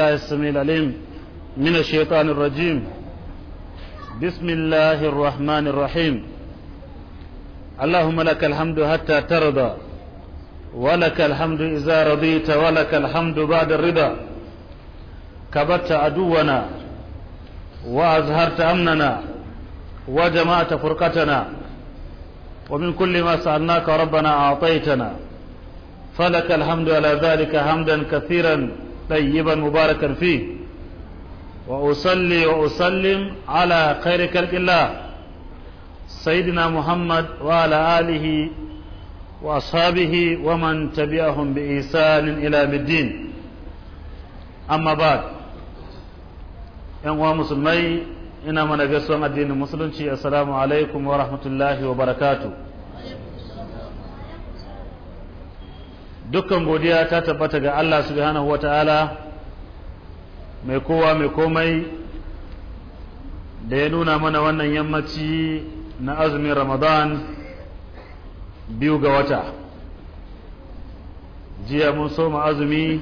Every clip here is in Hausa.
بالله السميع العليم من الشيطان الرجيم بسم الله الرحمن الرحيم اللهم لك الحمد حتى ترضى ولك الحمد إذا رضيت ولك الحمد بعد الرضا كبت عدونا وأزهرت أمننا وجمعت فرقتنا ومن كل ما سألناك ربنا أعطيتنا فلك الحمد على ذلك حمدا كثيرا طيبا مباركا فيه وأصلي وأسلم على خير خلق الله سيدنا محمد وعلى آله وأصحابه ومن تبعهم بإحسان إلى الدين أما بعد ‘yan musulmai ina mana gaisuwan addinin musulunci assalamu alaikum wa rahmatullahi wa barakatuh dukkan godiya ta tabbata ga Allah subhanahu ta'ala mai kowa mai komai da ya nuna mana wannan yammaci na azumin ramadan biyu ga wata jiya mun soma azumi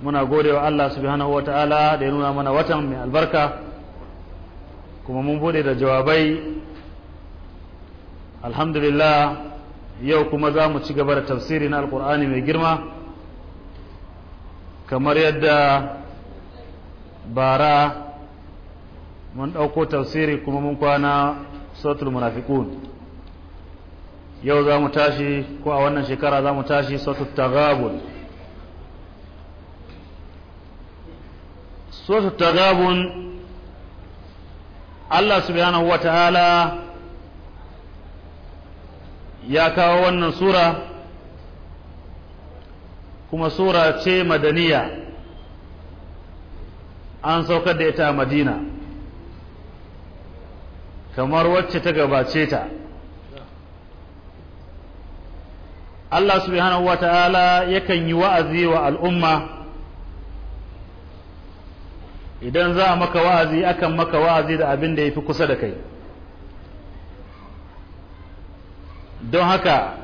muna godewa Allah subhanahu ta'ala da ya nuna mana watan mai albarka kuma mun bude da jawabai alhamdulillah yau kuma za mu ci gaba da tafsiri na alkur'ani mai girma kamar yadda bara mun ɗauko tafsiri kuma mun kwana sautul munafiqun yau za mu tashi ko a wannan shekara za mu tashi sautul tagabun sautul tagabun Allah subhanahu wa ta'ala ya kawo wannan sura kuma sura ce madaniya an saukar da ita a madina kamar wacce ta gabace ta Allah subhanahu wa ta'ala yakan yi wa'azi wa al'umma idan za a maka wa'azi akan maka wa'azi da abin da ya fi kusa da kai don haka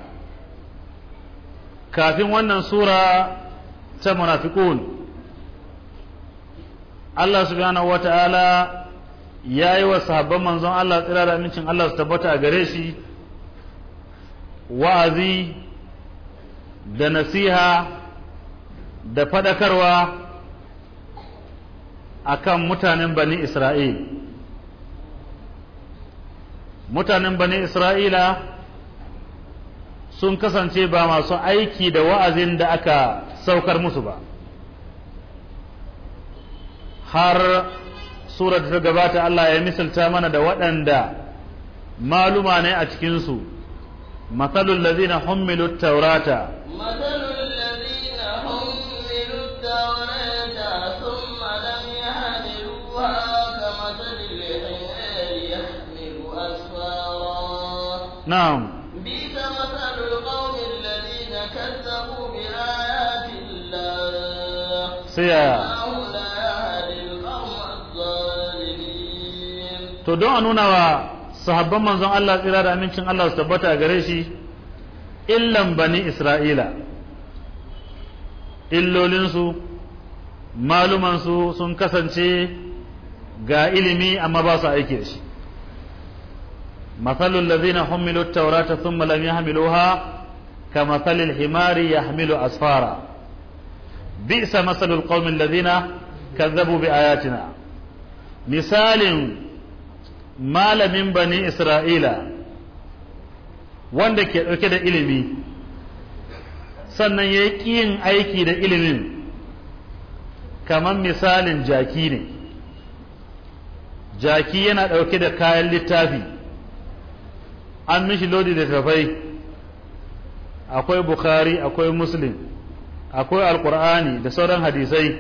kafin wannan sura ta munafiqun Allah subhanahu wata'ala ya yi wa sahabban manzon Allah tsira da amincin Allah su tabbata a gare shi wa'azi da nasiha da faɗakarwa akan mutanen bani Isra'il mutanen bani Isra'ila sun kasance ba masu aiki da wa'azin da aka saukar musu ba har sura ta gabata Allah ya misalta mana da waɗanda maluma ne a cikinsu matsalul lazina hummilu taurata Na'am. sai ya to don a nuna wa sahabban manzon Allah tsira da amincin Allah su tabbata a gare shi illan bani Isra'ila illolinsu malumansu sun kasance ga ilimi amma ba su aiki da shi matsalul lazina hummilu taurata sun malam ya hamiluha ka matsalil himari ya hamilu asfara bi'sa masalul qaumin ladina kazzabu bi ayatina misalin malamin bani isra'ila wanda ke ɗauke da ilimi sannan ya yin aiki da ilimin kamar misalin jaki ne jaki yana ɗauke da kayan littafi an mishi lodi da tafai akwai bukhari akwai muslim akwai alkur'ani da sauran hadisai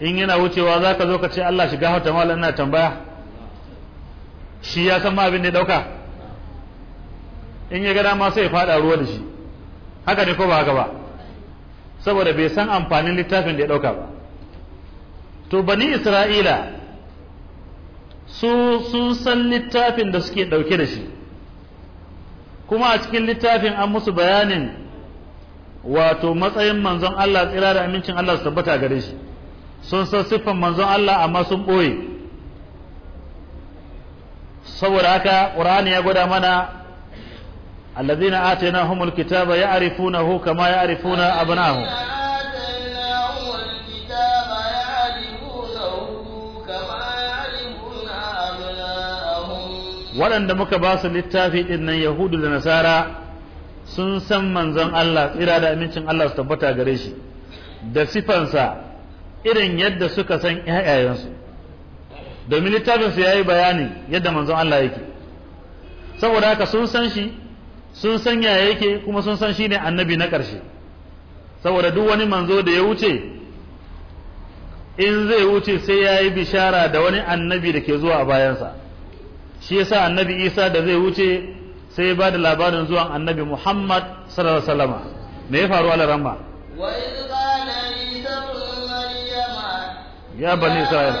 in yana wucewa za ka zo ka ce Allah shiga hauta malam ina tambaya shi ya san ma abin da ya dauka in ya gada ma sai ya fada ruwa da shi haka ne ko ba haka ba saboda bai san amfanin littafin da ya dauka ba to bani isra'ila su sun san littafin da suke dauke da shi kuma a cikin littafin an musu bayanin wato matsayin manzon Allah tsira da amincin Allah su tabbata gare shi sun san siffan manzon Allah amma sun ɓoye saboda haka ƙur'ani ya gwada mana allazina atainahumul kitaba ya'rifunahu kama ya'rifuna abnahum waɗanda muka ba su littafi ɗin nan yahudu da nasara sun san manzon Allah tsira da amincin Allah su tabbata gare shi da sifansa irin yadda suka san ƴaƴayensu domin littafin su yi bayani yadda manzon Allah yake saboda haka sun san shi sun san yaya yake kuma sun san shi ne annabi na ƙarshe saboda duk wani manzo da ya wuce in zai wuce sai yayi bishara da wani annabi da ke zuwa a bayansa shi yasa annabi Isa da zai wuce sai ba da labarin zuwan annabi Muhammad sallallahu alaihi wasallam me ya faru a ramma ya bani isra'il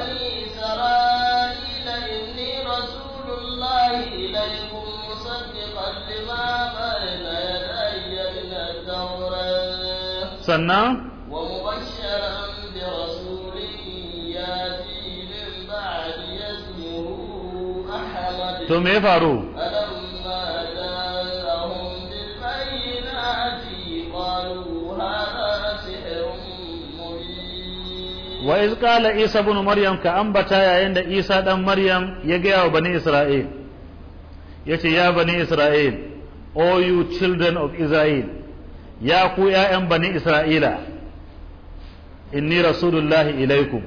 sannan to me ya faru wa iz qala isa ibn maryam ka ambata yayin da isa dan maryam ya ga wa bani isra'il yace ya bani isra'il o you children of Isra'il, ya ku ya'yan bani isra'ila inni rasulullahi ilaikum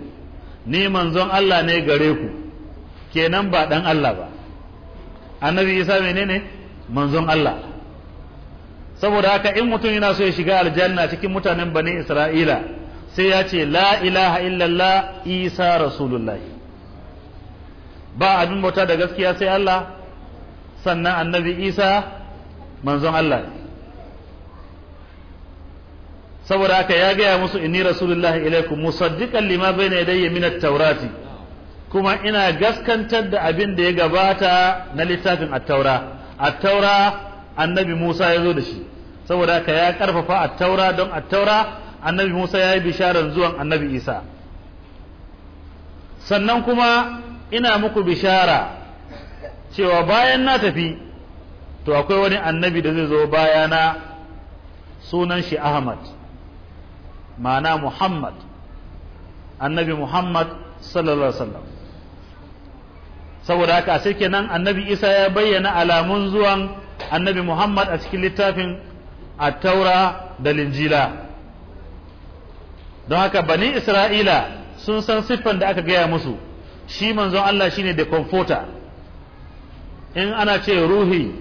ni manzon Allah ne gare ku kenan ba dan Allah ba annabi isa menene manzon Allah saboda haka in mutum yana so ya shiga aljanna cikin mutanen bani isra'ila sai ya ce la ilaha illallah isa rasulullah ba abin bauta da gaskiya sai Allah sannan annabi isa manzon Allah saboda haka ya gaya musu inni rasulullah ilaikum musaddiqan lima bayna yadayya min at-taurati kuma ina gaskantar da abin da ya gabata na littafin at-taura at-taura annabi Musa ya zo da shi saboda haka ya karfafa at-taura don at-taura annabi Musa ya yi bisharar zuwan annabi Isa sannan kuma ina muku bishara cewa bayan na tafi to akwai wani annabi da zai zo bayana sunan shi Ahmad ma'ana Muhammad annabi Muhammad sallallahu alaihi wasallam saboda haka sai kenan annabi Isa ya bayyana alamun zuwan annabi Muhammad a cikin littafin at-Taura da Linjila don haka bani isra'ila sun san siffan da aka gaya musu shi manzon Allah shine da comforter in ana ce ruhi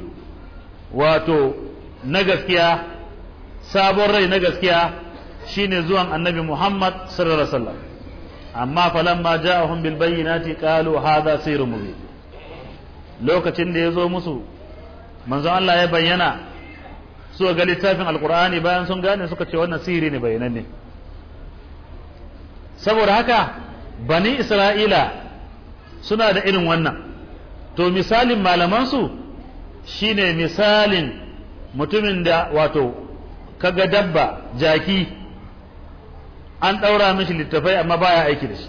wato na gaskiya sabon rai na gaskiya shine zuwan annabi Muhammad sallallahu alaihi wasallam amma falamma ja'ahum bil bayyinati qalu hadha sirrun mubin lokacin da ya zo musu manzon Allah ya bayyana su ga littafin alqur'ani bayan sun gane suka ce wannan sirri ne bayanan ne saboda haka bani isra'ila suna da irin wannan to misalin malamansu shine misalin mutumin da wato kaga dabba jaki an ɗaura mishi littafai amma baya aiki da shi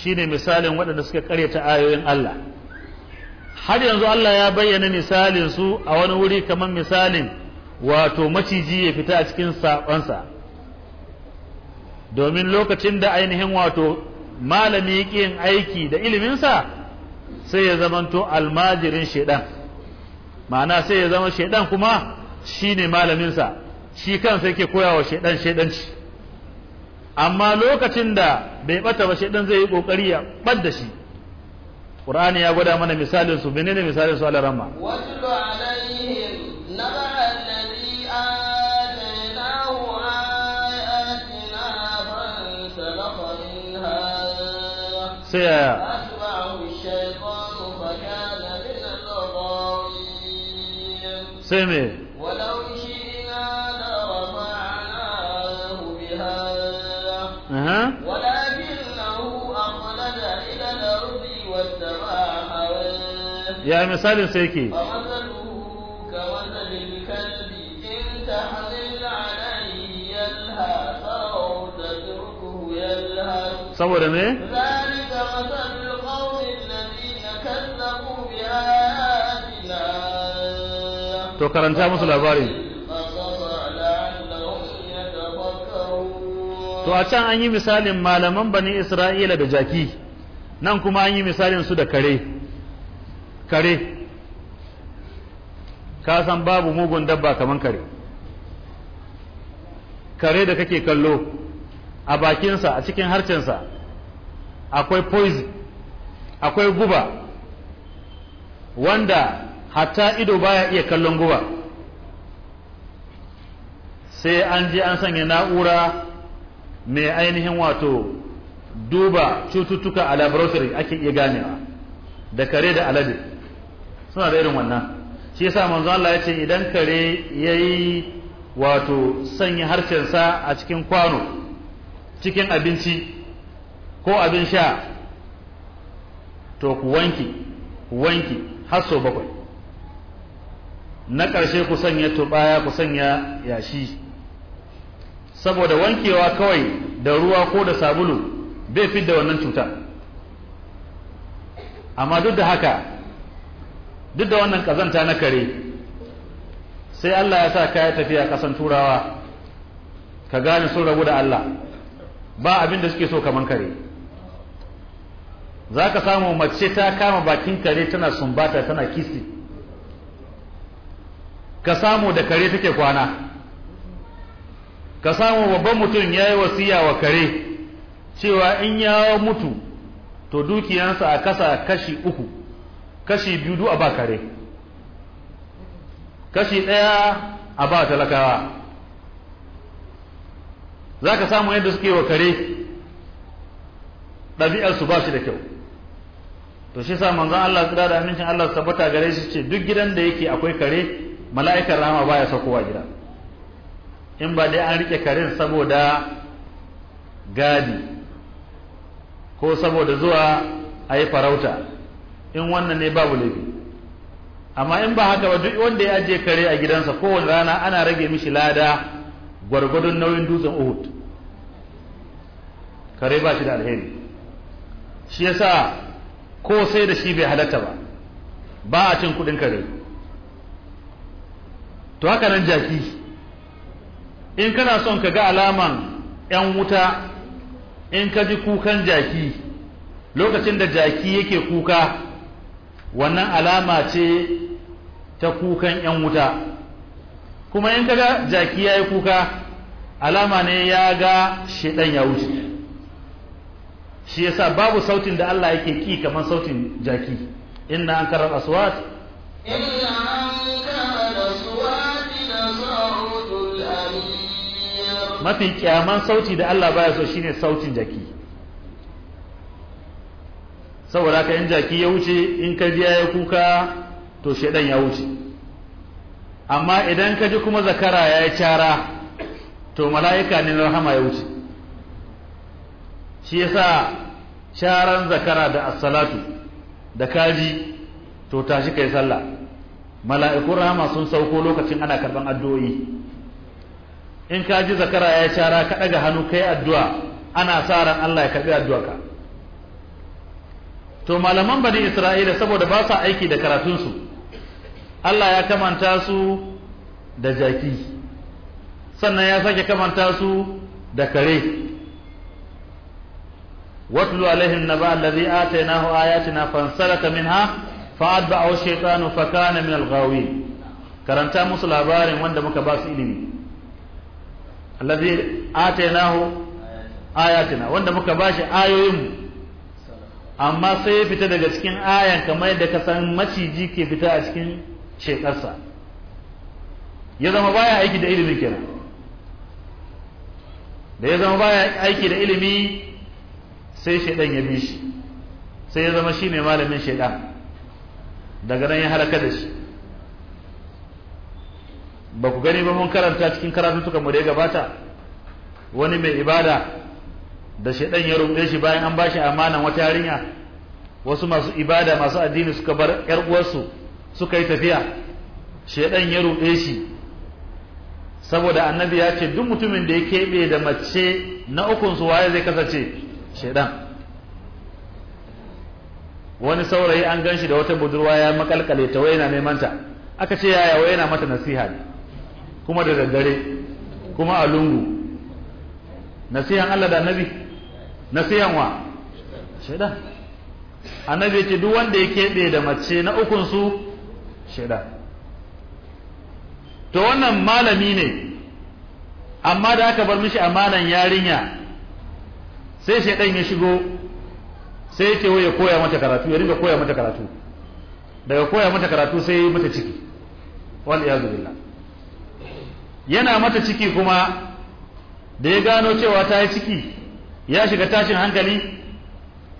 shine misalin waɗanda suka ta ayoyin Allah har yanzu Allah ya bayyana misalin su a wani wuri kamar misalin wato maciji ya fita a cikin saƙonsa domin lokacin da ainihin wato malami yake yin aiki da iliminsa sai ya zamanto almajirin shedan ma'ana sai ya zama shedan kuma shine malaminsa shi kansa yake koyawa shedan shedanci amma lokacin da bai bata ba shedan zai yi kokari ya bar da shi Qur'ani ya gwada mana misalin su menene misalin su alaramma wajlu ala sai yaya sai me ya misalin sai ke saboda me? to karanta musu labari to a can an yi misalin malaman bani isra'ila da jaki nan kuma an yi misalin su da kare kare ka san babu mugun dabba kamar kare kare da kake kallo a bakinsa a cikin harcensa akwai poison akwai guba wanda hatta ido baya iya kallon guba sai an je an sanya na'ura mai ainihin wato duba cututtuka a laboratory ake iya ganewa da kare da alade suna da irin wannan shi yasa manzo Allah ya ce idan kare yayi wato sanya sa a cikin kwano cikin abinci ko abin sha to ku wanki wanki har sau bakwai na ƙarshe ku sanya tubaya ku sanya yashi saboda wankewa kawai da ruwa ko da sabulu bai fi da wannan cuta amma duk da haka duk da wannan ƙazanta na kare sai Allah ya sa kaya tafiya kasan turawa ka gane sun rabu da Allah ba abin da suke so kamar kare za ka samu mace ta kama bakin kare tana sumbata tana kisti ka samu da kare take kwana ka samu babban mutum ya yi wasiya wa kare cewa in ya mutu to dukiyansa a kasa kashi uku kashi biyu du a ba kare kashi ɗaya a ba talakawa za ka samu yadda suke wa kare ɗabi'arsu ba shi da kyau to shi sa manzon Allah tsira da amincin Allah tabbata gare shi ce duk gidan da yake akwai kare mala'ikar rama baya saukowa gida in ba dai an rike karin saboda gadi ko saboda zuwa a yi farauta in wannan ne babu laifi amma in ba haka ba duk wanda ya ajiye kare a gidansa kowane rana ana rage mishi lada gwargwadon nauyin dutsen uhud kare ba shi da alheri shi yasa ko sai da shi bai halatta ba ba a cin kudin kare to haka nan jaki in kana son ka ga alaman yan wuta in ka ji kukan jaki lokacin da jaki yake kuka wannan alama ce ta kukan yan wuta kuma in ka ga jaki ya yi kuka alama ne ya ga shaidan ya wuce shi yasa babu sautin da Allah yake ki kamar sautin jaki inna an karar aswat illa mafi kyaman sauti da Allah baya so shine sautin jaki saboda ka in jaki ya wuce in ka ji ya kuka to shedan ya wuce amma idan ka ji kuma zakara ya yi cara to mala'ika ne rahama ya wuce shi yasa caran zakara da assalatu da kaji to tashi kai sallah mala'ikun rahama sun sauko lokacin ana karban addu'o'i in ka ji zakara ya shara ka daga hannu kai addu'a ana sa ran Allah ya karbi addu'arka to malaman bani Isra'ila saboda ba sa aiki da karatunsu Allah ya kamanta su da jaki sannan ya sake kamanta su da kare watlu alaihim naba allazi atainahu ayatina fansalaka minha fa'adba'ahu shaytanu fakana min al-ghawin karanta musu labarin wanda muka ba su ilimi alladhi atainahu ayatina wanda muka bashi ayoyin amma sai ya fita daga cikin ayan kamar da ka san maciji ke fita a cikin shekarsa ya zama baya aiki da ilimi kenan da ya zama baya aiki da ilimi sai shedan ya bi shi sai ya zama shine malamin shedan daga nan ya haraka da shi ba ku gani ba mun karanta cikin karatutukan mu da ya gabata wani mai ibada da shedan ya rumbe shi bayan an bashi amanan wata yarinya wasu masu ibada masu addini suka bar yar uwarsu suka yi tafiya shedan ya rumbe shi saboda annabi ya ce duk mutumin da ya keɓe da mace na ukun su waye zai kasance shedan wani saurayi an gan shi da wata budurwa ya makalkale ta wai yana neman ta aka ce yaya wai yana mata nasiha ne kuma da daddare kuma a lungu Nasiyan Allah da annabi Nasiyan wa shaidan annabi ce duk wanda ya keɓe da mace na ukun su shaidan to wannan malami ne amma da aka bar mishi amanan yarinya sai shaidan ya shigo sai ya ce ya koya mata karatu ya riga koya mata karatu daga koya mata karatu sai ya yi mata ciki wal iyadu billah yana mata ciki kuma da ya gano cewa ta yi ciki ya shiga tashin hankali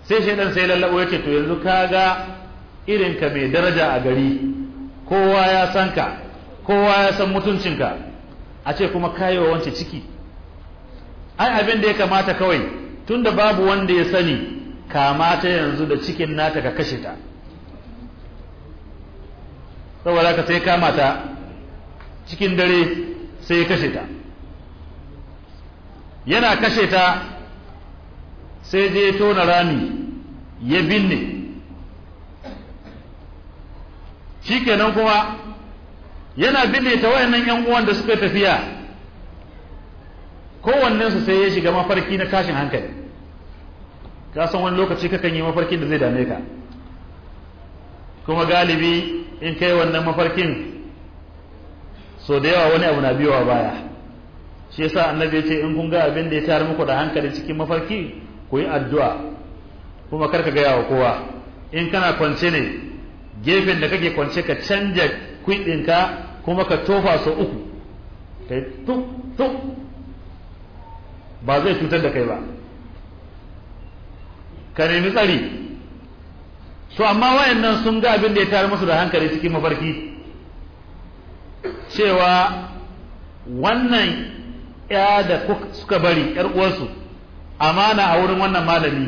sai shaidan sai lallabo yake to yanzu kaga irin ka mai daraja a gari kowa ya san ka kowa ya san mutuncinka a ce kuma kayowa wance ciki ai abin da ya kamata kawai tun da babu wanda ya sani kamata yanzu da cikin nata ka kashe ta saboda ka sai kamata cikin dare sai ya kashe ta yana kashe ta sai je tona rami ya binne shi shikenan kuma yana binne ta wayannan yan uwan da suka tafiya kowannensu sai ya shiga mafarki na kashin hankali ka san wani lokaci kakan yi mafarkin da zai dame ka kuma galibi in kai wannan mafarkin so da yawa wani abu na biyowa baya shi yasa annabi ya ce in kun ga abin da ya tayar muku da hankali cikin mafarki ku yi addu'a kuma karka gaya wa kowa in kana kwance ne gefen da kake kwance ka canja kuidinka kuma ka tofa so uku kai tuk tuk ba zai cutar da kai ba ka nemi tsari to amma wayannan sun ga abin da ya tayar musu da hankali cikin mafarki cewa wannan ya da suka bari yar uwarsu amana a wurin wannan malami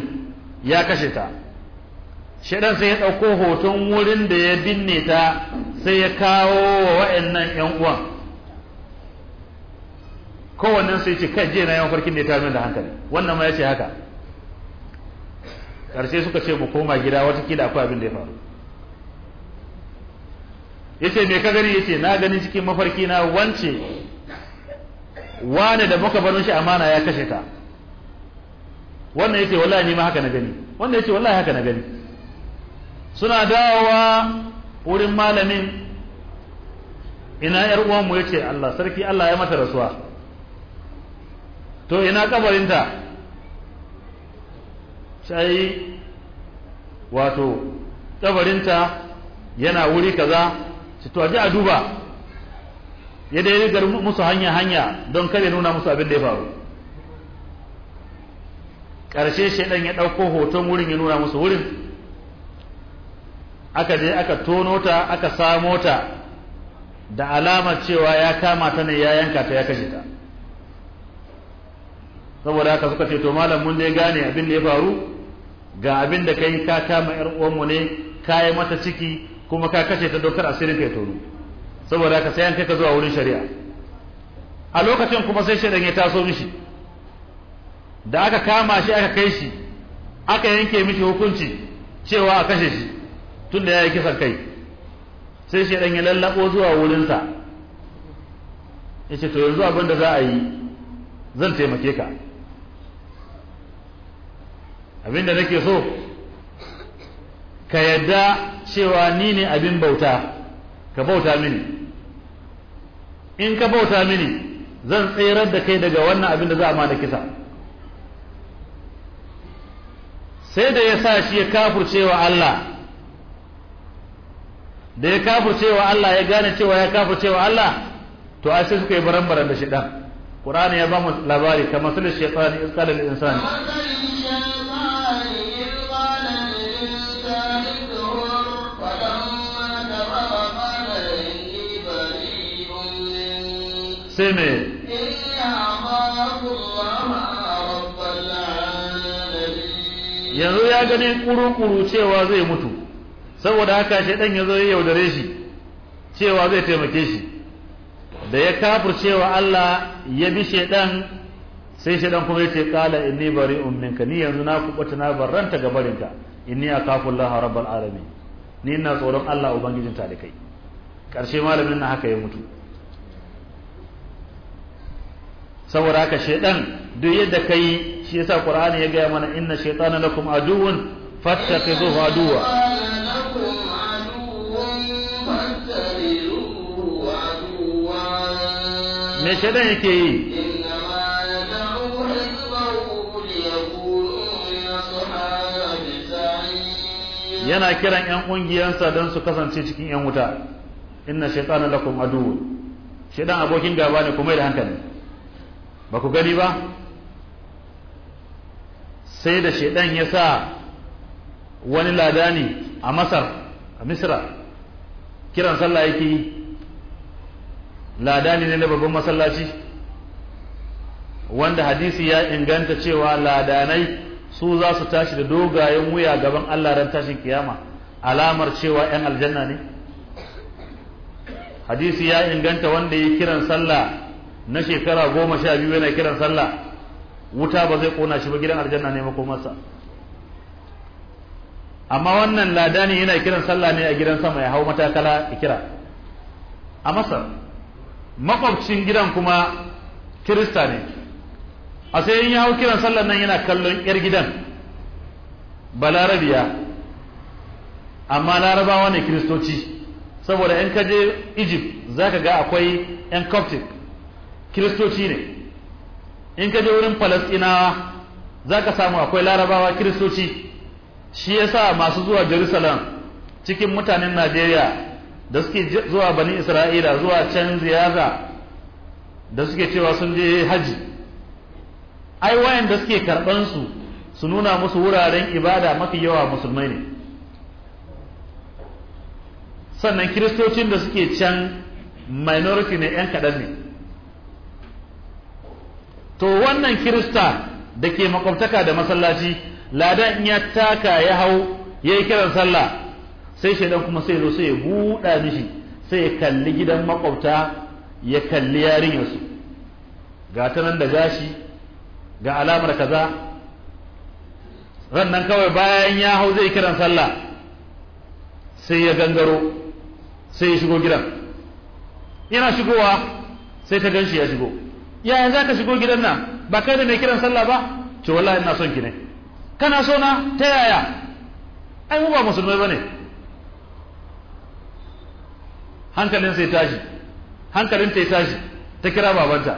ya kashe ta shedan sai ya dauko hoton wurin da ya binne ta sai ya kawo wa waɗannan yan uwan wannan sai ce kai je na yawan farkin da ya tayar da hankali wannan ma ya ce haka karshe suka ce mu koma gida watakila akwai abin da ya faru yace me ka gari yace na ganin cikin mafarki na wance wane da muka barin shi amana ya kashe ta wannan yace wallahi ni ma haka na gani wannan yace wallahi haka na gani suna dawowa wurin malamin ina yar uwan mu yace Allah sarki Allah ya mata rasuwa to ina ta sai wato ta yana wuri kaza ci to a duba ya da ya musu hanya hanya don kare nuna musu abin da ya faru ƙarshe shaidan ya ɗauko hoton wurin ya nuna musu wurin aka je aka tono ta aka samo ta da alamar cewa ya kama ta ne ya yanka ta ya kashe ta saboda haka suka ce to malam mun dai gane abin da ya faru ga abin da kai ka kama yar uwanmu ne ka yi mata ciki kuma ka kashe ta dokar asirin ka tono saboda haka sai an kai ka zuwa wurin shari'a a lokacin kuma sai shaidan ya taso mishi da aka kama shi aka kai shi aka yanke mishi hukunci cewa a kashe shi tunda ya yi kisan kai sai shaidan ya lallabo zuwa wurinsa ya ce to yanzu abin da za a yi zan taimake ka abin da nake so ka yadda cewa ni ne abin bauta ka bauta mini in ka bauta mini zan tsirar da kai daga wannan abin da za a ma da kisa sai da ya sa shi ya kafurcewa Allah da ya kafurcewa Allah ya gane cewa ya kafurcewa Allah to a sai suka yi baran-baran da shi ɗan ƙur'ani ya ba mu labari kamar sulis shaitan iskalar insani sai me yanzu ya gani kuru cewa zai mutu saboda haka shaidan ya zo ya yaudare shi cewa zai taimake shi da ya kafir cewa Allah ya bi shaidan sai shaidan kuma ya ce kala inni ummin ka ni yanzu na kubuta na barranta ga barinka inni akafu Allah rabbal alamin ni ina tsoron Allah ubangijin talikai karshe malamin na haka ya mutu saboda haka shaidan duk yadda kai shi yasa qur'ani ya gaya mana inna shaytana lakum aduwwun fattakhidhuhu aduwa me shaidan yake yi yana kiran yan ƙungiyarsa don su kasance cikin yan wuta inna shaytana lakum aduwun shaidan abokin gaba ne kuma da hankali ba ku gani ba sai da shaidan ya sa wani ladani a masar a misra kiran sallah yake yi ladani ne na babban masallaci wanda hadisi ya inganta cewa ladanai su za su tashi da dogayen wuya gaban Allah ran tashin kiyama alamar cewa ‘yan aljanna ne hadisi ya inganta wanda ya kiran sallah na shekara goma sha biyu yana kiran sallah wuta ba zai kona shi ba gidan aljanna ne makomarsa amma wannan lada ne yana kiran sallah ne a gidan sama ya hau matakala kira a masar makwabcin gidan kuma kirista ne a sai in ya hau kiran sallah nan yana kallon yar gidan balarabiya amma larabawa ne kiristoci saboda in ka je egypt za ka ga akwai yan coptic kiristoci ne in ka je wurin falastinawa za ka samu akwai larabawa kiristoci shi yasa masu zuwa jerusalem cikin mutanen najeriya da suke zuwa bani isra'ila zuwa can ziyara da suke cewa sun je haji ai wayan da suke karɓan su su nuna musu wuraren ibada mafi yawa musulmai ne sannan kiristocin da suke can minority ne 'yan kaɗan ne to wannan kirista da ke makwabtaka da masallaci ladan in ya taka ya hau ya yi kiran sallah sai shaidan kuma sai zo sai ya buɗa mishi sai ya kalli gidan makwabta ya kalli yarinyarsu ga ta nan da gashi ga alamar kaza rannan kawai bayan ya hau zai kiran sallah sai ya gangaro sai ya shigo gidan yana shigowa sai ta ganshi ya shigo yaya za ka shigo gidan nan ba kai da mai kiran sallah ba to wallahi ina son ki ne kana so na ta yaya ai mu ba musulmai bane hankalin sai tashi hankalin ta tashi ta kira babanta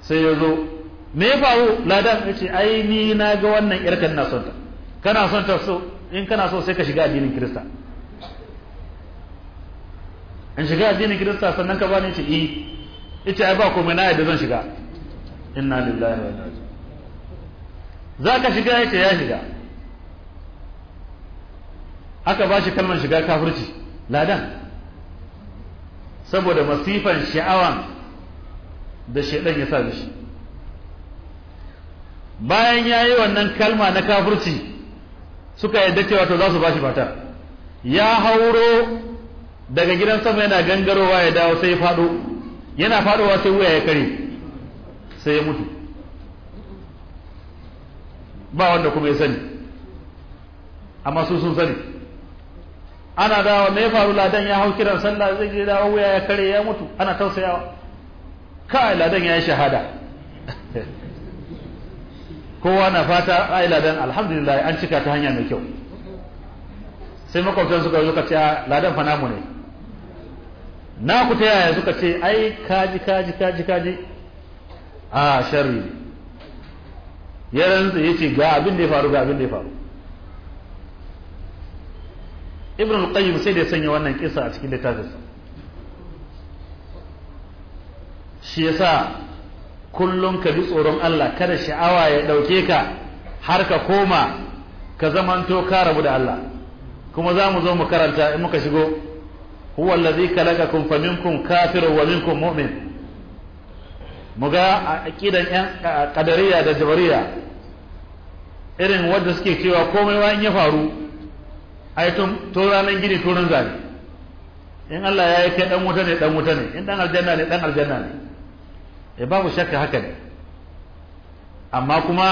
sai ya zo me ya faru ladan ya ce ai ni na ga wannan yarka na son ta kana son ta so in kana so sai ka shiga addinin kirista in shiga addinin kirista sannan ka bani ce eh ita ai ba komai na yadda zan shiga inna lillahi wa inna Za zaka shiga yace ya shiga aka bashi kalmar shiga kafirci ladan saboda masifan sha'awan da shedan ya sa shi bayan yayi wannan kalma na kafirci suka yadda cewa to za su ba shi fata ya hauro daga gidan sama yana gangarowa ya dawo sai ya faɗo. yana faruwa sai wuya ya kare sai ya mutu ba wanda kuma ya sani amma su sun sani ana dawa me faru ladan ya hau kiran sallah zai je dawa wuya ya kare ya mutu ana tausayawa kai ladan ya yi shahada kowa na fata ai ladan alhamdulillah an cika ta hanya mai kyau sai makwabtan suka zo ka ce ah, ladan fa namu ne na ku ta yaya suka ce ai kaji kaji kaji kaji a sharri ya rantsa ya ce ga abin da ya faru ga abin da ya faru ibn al-qayyim sai da ya sanya wannan kisa a cikin littafinsa shi yasa kullum ka bi tsoron Allah kada sha'awa ya dauke ka har ka koma ka zamanto ka rabu da Allah kuma za mu zo mu karanta in muka shigo huwa allazi khalaqakum faminkum kafirun wa minkum mu'min muga aqidan yan qadariya da jabariya irin wanda suke cewa komai wa in ya faru ai tun to ranan gini to ran zani in Allah ya yi kai dan wuta ne dan wuta ne in dan aljanna ne dan aljanna ne eh babu shakka haka ne amma kuma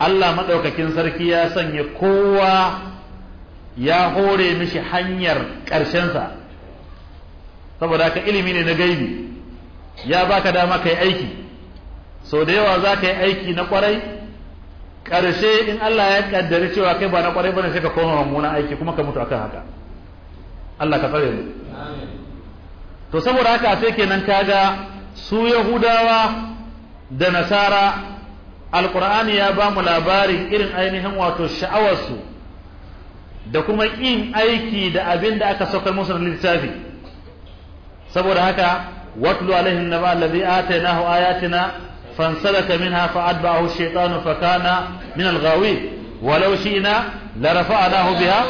Allah madaukakin sarki ya sanya kowa ya hore mishi hanyar ƙarshensa saboda haka ilimi ne na gaibi ya baka dama kai aiki so da yawa za ka yi aiki na ƙwarai ƙarshe in Allah ya kaddari cewa kai ba na kwarai bane sai ka koma mamuna aiki kuma ka mutu akan haka Allah ka tsare mu to saboda haka sai kenan kaga su yahudawa da nasara alqur'ani ya ba mu labarin irin ainihin wato sha'awarsu da kuma yin aiki da abin da aka saukar musu na littafi saboda haka watlu alaihim naba allazi atainahu ayatina fansalaka minha fa'atba'ahu ash-shaytanu fakana min al-ghawin walau shi'na la rafa'nahu biha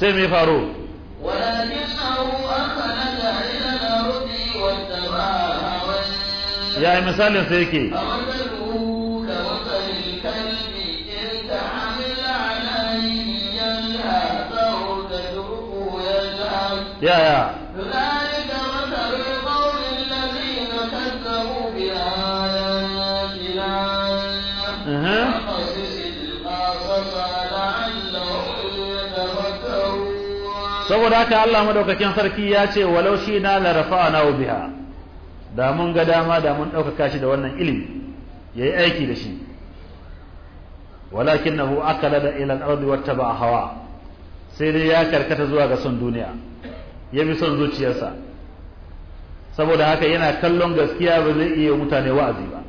sai me faru ya yi misalin sai yake يا uh-huh. يا saboda haka Allah madaukakin sarki ya ce walau shi na la nawa biha da mun ga dama da mun ɗaukaka shi da wannan ilimi yayi aiki da shi walakinahu akala da ila al-ardi wattaba hawa sai dai ya karkata zuwa ga son duniya ya bi son zuciyarsa saboda haka yana kallon gaskiya ba zai iya mutane wa'azi ba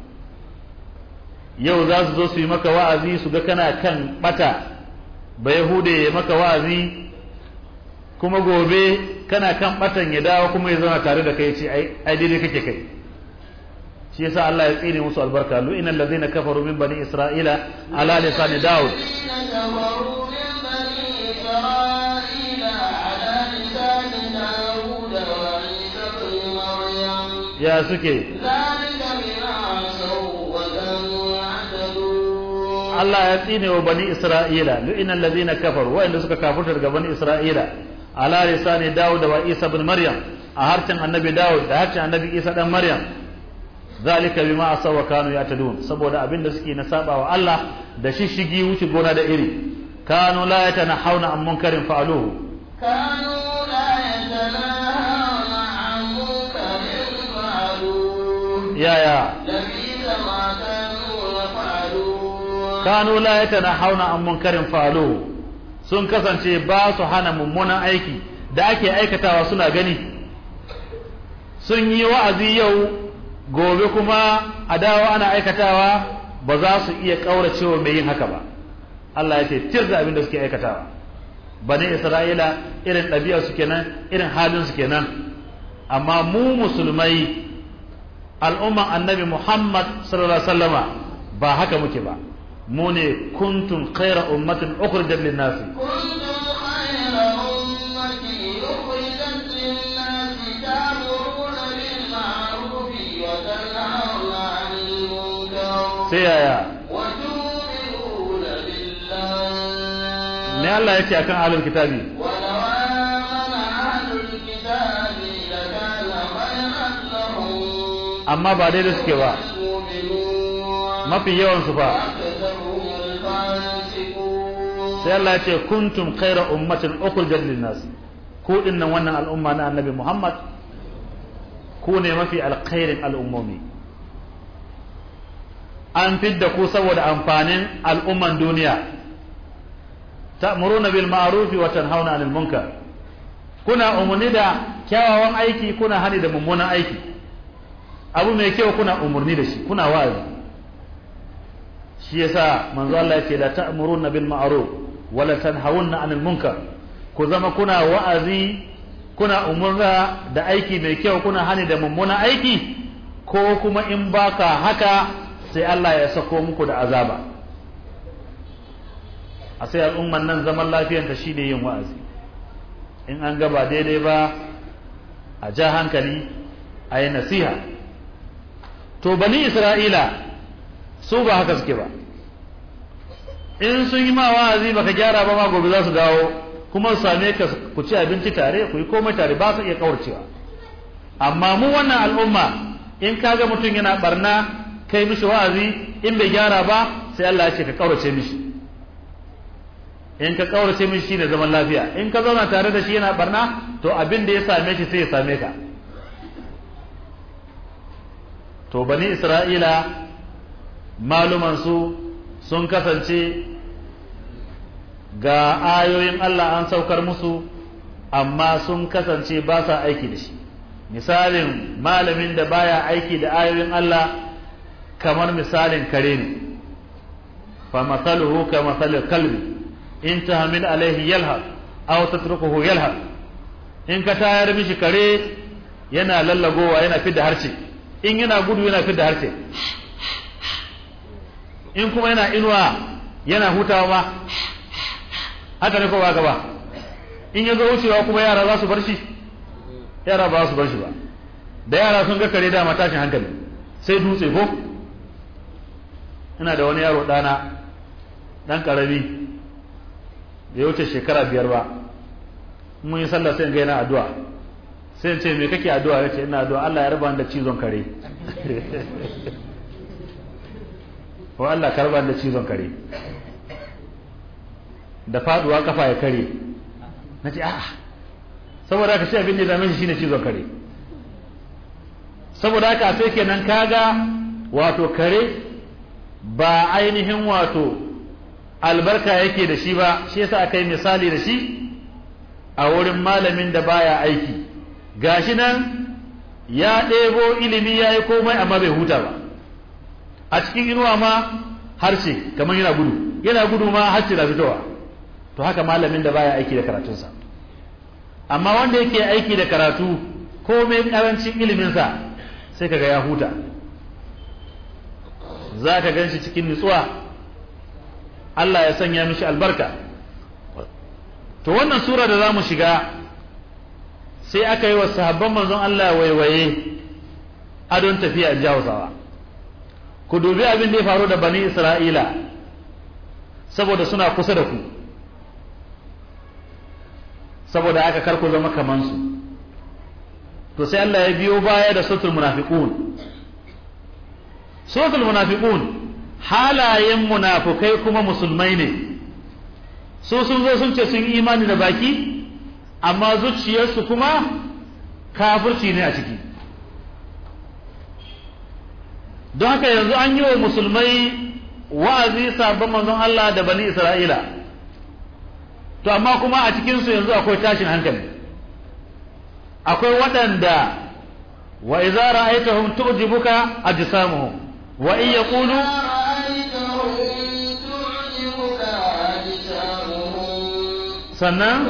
yau za su zo su yi maka wa'azi su ga kana kan bata ba yahude ya maka wa'azi kuma gobe kana kan batan ya dawo kuma ya zama tare da kai ce ai daidai kake kai shi yasa Allah ya tsire musu albarka lu innal na kafaru min bani isra'ila ala lisan daud ya suke Allah ya tsine wa bani Isra'ila lu'inan allazina kafar waɗanda suka kafurta daga bani Isra'ila ala ne Dawud wa Isa ibn Maryam a harcin annabi Dawud da harcin annabi Isa dan Maryam zalika bima asaw wa kanu yatadun saboda abinda suke na wa Allah da shishigi wuce gona da iri kanu la hauna an munkarin fa'aluhu kanu yaya kanu la hauna an munkarin falo sun kasance ba su hana mummunan aiki da ake aikatawa suna gani sun yi wa'azi yau gobe kuma a dawo ana aikatawa ba za su iya kauracewa mai yin haka ba Allah ya ce da abin da suke aikatawa bani Isra'ila irin ɗabi'a su kenan irin halin su kenan amma mu musulmai al'umman annabi Muhammad sallallahu alaihi wasallama ba haka muke ba mu ne kaira khayra ummatin ukhrijat lin nas kuntum khayra sai yaya ne Allah yake akan ahlul kitabi amma ba daidai suke ba mafi yawan su ba sai Allah ce kuntum khayra ummatin ukhrijat lin-nas ku dinnan wannan al'umma na annabi Muhammad ku ne mafi alkhairin al'ummomi an fidda ku saboda amfanin al'umman duniya ta'muruna bil ma'ruf wa tanhauna 'anil munkar kuna umuni da kyawawan aiki kuna hani da mummunan aiki abu mai kyau kuna umarni da shi kuna wazi shi yasa manzo Allah yake la ta'muruna bil ma'ruf wa la tanhawunna 'anil munkar ku zama kuna wa'azi kuna umurna da aiki mai kyau kuna hani da mummuna aiki ko kuma in baka haka sai Allah ya sako muku da azaba a sai al'umman nan zaman lafiyar ta shine yin wa'azi in an gaba daidai ba a ja hankali a yi nasiha to bani isra'ila su ba haka suke ba in sun yi ma wa'azi ba ka gyara ba ma gobe za su dawo kuma su same ka ku ci abinci tare ku yi komai tare ba su iya kawarcewa amma mu wannan al'umma in kaga mutum yana barna kai mishi wa'azi in bai gyara ba sai Allah ya ce ka kaurace mishi in ka kaurace mishi shine zaman lafiya in ka zauna tare da shi yana barna to abin da ya same shi sai ya same ka to bani isra'ila malumansu sun kasance ga ayoyin Allah an saukar musu amma sun kasance ba sa aiki da shi misalin malamin da baya aiki da ayoyin Allah kamar misalin kare ne fa masaluhu ka masal kalbi in tahmil alaihi a aw tatrukuhu yalha, in ka tayar mishi kare yana lallagowa yana fidda harshe in yana gudu yana fidda harshe in kuma yana inuwa yana hutawa ba haka ne kowa gaba in ya zo wucewa kuma yara za su bar shi yara ba su bar shi ba da yara sun ga kare dama tashin hankali sai dutse ko ina da wani yaro ɗana ɗan ƙarami bai wuce shekara biyar ba mun yi sallah sai ga yana addu'a sai ce me kake addu'a ce ina addu'a Allah ya raba da cizon kare wa Allah ka raba da cizon kare da faduwa kafa ya kare na ce a'a saboda ka shi abin da zame shi shine cizon kare saboda haka sai kenan kaga wato kare ba ainihin wato albarka yake da shi ba shi yasa aka yi misali da shi a wurin malamin da baya aiki gashi nan ya ɗebo ilimi ya yi komai amma bai huta ba a cikin inuwa ma harshe kamar yana gudu yana gudu ma harshe na fitowa to haka malamin da baya aiki da karatunsa amma wanda yake aiki da karatu komai karancin iliminsa sai kaga ya huta za ka gan shi cikin nutsuwa Allah ya sanya mishi albarka to wannan sura da za mu shiga sai aka yi wa sahabban manzon Allah waiwaye adon tafiya a jawzawa ku dubi abin da ya faru da bani Isra'ila saboda suna kusa da ku saboda aka karku zama kamansu, to sai Allah ya biyo baya da sotul munafiqun sotul munafiqun halayen munafukai kuma musulmai ne su sun zo sun ce sun imani da baki amma zuciyarsu kuma kafirci ne a ciki don haka yanzu an yi wa musulmai wa'azi sabon manzon Allah da bani Isra'ila to amma kuma a cikinsu yanzu akwai tashin hankali akwai waɗanda wa iza ra'aytahum tu'jibuka ajsamuhum wa in yaqulu sannan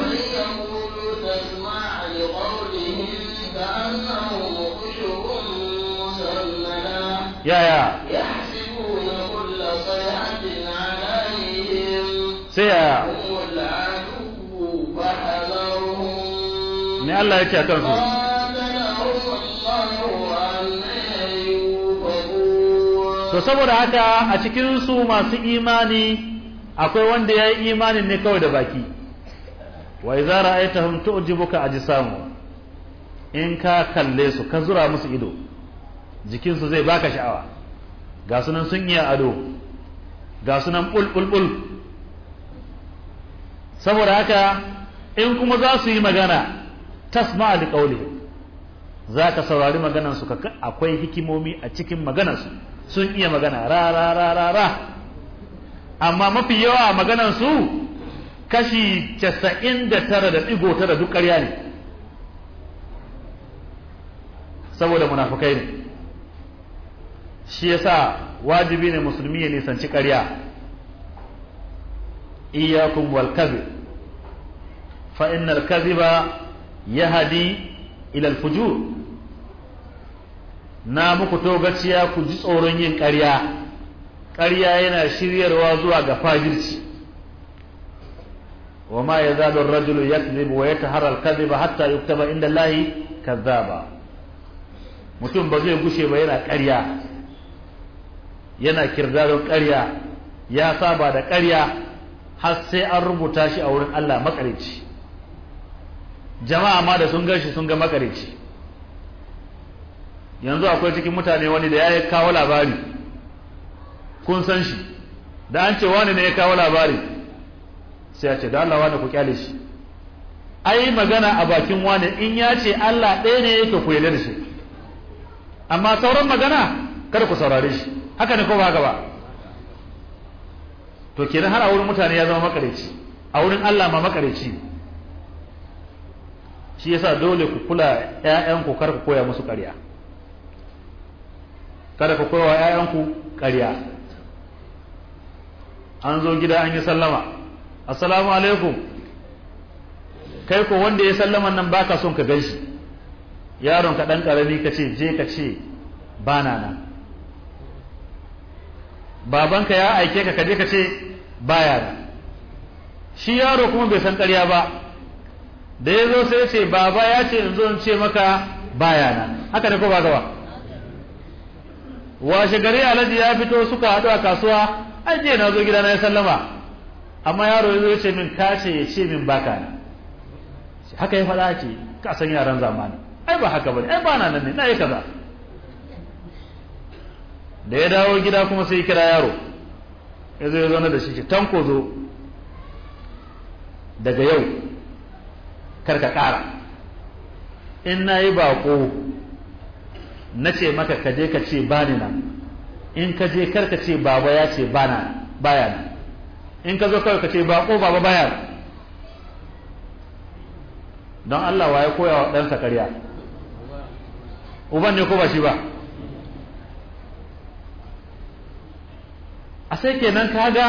yaya sai yaya ne Allah ya ce a kansu to saboda haka a cikinsu masu imani akwai wanda ya yi imanin ne kawai da baki Wai wa idza a tu'jibuka samu in ka kalle su ka zura musu ido jikinsu zai baka sha'awa ga sunan sun iya ado ga sunan bulbulbul saboda haka in kuma za su yi magana tasma da ƙaule za ka saurari maganansu ka akwai hikimomi a cikin maganansu sun iya magana ra ra ra amma mafi yawa maganansu kashi casa'in da tara da ɗigo tara duk ƙarya ne saboda munafukai ne shi ya sa wajibi ne musulmi ya nisanci ƙarya Iyakun wal kadhib fa ba ya hadi ilal fujur na muku togaciya ku ji tsoron yin ƙarya ƙarya yana shiryarwa zuwa ga fajirci wa ma ya ar-rajulu yakdhibu wa tahar al ba hatta ba inda layi kadhaba mutum ba zai gushe ba yana ƙarya yana kirdaron ƙarya ya saba da ƙarya har sai an rubuta shi a wurin Allah makarici jama'a ma da sun ganshi sun ga makarici yanzu akwai cikin mutane wani da ya yi kawo labari kun san shi da an ce wani ne ya kawo labari sai ya ce da Allah wani ku kyale shi ai magana a bakin wani in ya ce Allah ɗaya ne yake ku yarda da shi amma sauran magana kada ku saurare shi haka ne ko ba gaba? to kenan har a wurin mutane ya zama makareci a wurin Allah ma makareci shi yasa dole ku kula ƴaƴanku kar ku koya musu ƙarya kada ku koya ƴaƴanku ƙarya an zo gida an yi sallama assalamu alaikum kai ko wanda ya sallama nan baka son ka shi yaron ka dan karami ka ce je ka ce bana nan babanka ya aike ka kaje ka ce baya shi yaro kuma bai san ƙarya ba da ya zo sai ya ce baba ya ce in zo in ce maka baya na haka ne ko ba gaba washe gari alhaji ya fito suka haɗu a kasuwa an je na zo gida na ya sallama amma yaro ya zo ya ce min ka ce ya ce min baka na haka ya faɗa ce ka san yaran zamani ai ba haka bane ai ba na nan ne na yi kaza da ya dawo gida kuma sai kira yaro ya zo ya zauna da shi ce, tanko zo daga yau karka ƙara in na yi baƙo na ce maka ka je ka ce ba ni nan in ka je karka ce baba ya ce ba na baya nan in ka zo kawai ka ce baƙo baba baya don Allah wa ya koya wa ɗansa karya uban ne ko ba shi ba a sai kenan kaga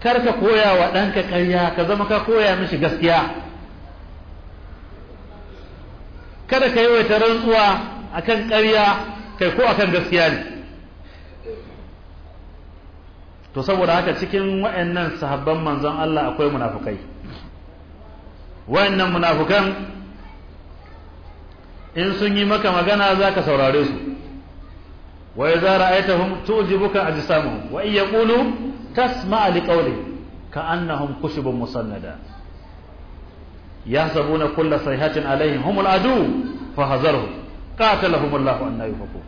kar ka koya wa ɗanka ƙarya ka zama ka koya mishi gaskiya kada ka yi ta rantsuwa kan ƙarya kai ko a kan gaskiya ne to saboda haka cikin waɗannan sahabban manzon Allah akwai munafukai waɗannan munafukan in sun yi maka magana za ka saurare su wa idza ra'aytahum tujibuka ajsamuhum wa in yaqulu tasma' liqawlihim ka'annahum kushubun musannada yahsabuna kulla sayhatin alaihim humul adu fahazarhum qatalahum Allah anna yufaku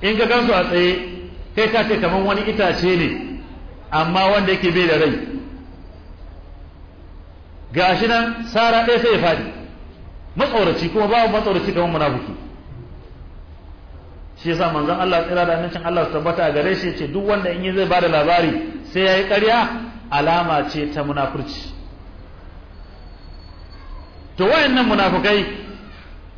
in ka gansu a tsaye kai ka ce kaman wani itace ne amma wanda yake bai da rai gashi nan sara ɗaya sai ya fadi matsoraci kuma babu matsoraci kaman munafiki shi yasa manzon Allah tsira da annabin Allah tabbata gare shi yace duk wanda in yi zai bada labari sai yayi ƙarya alama ce ta munafurci to wayannan munafukai,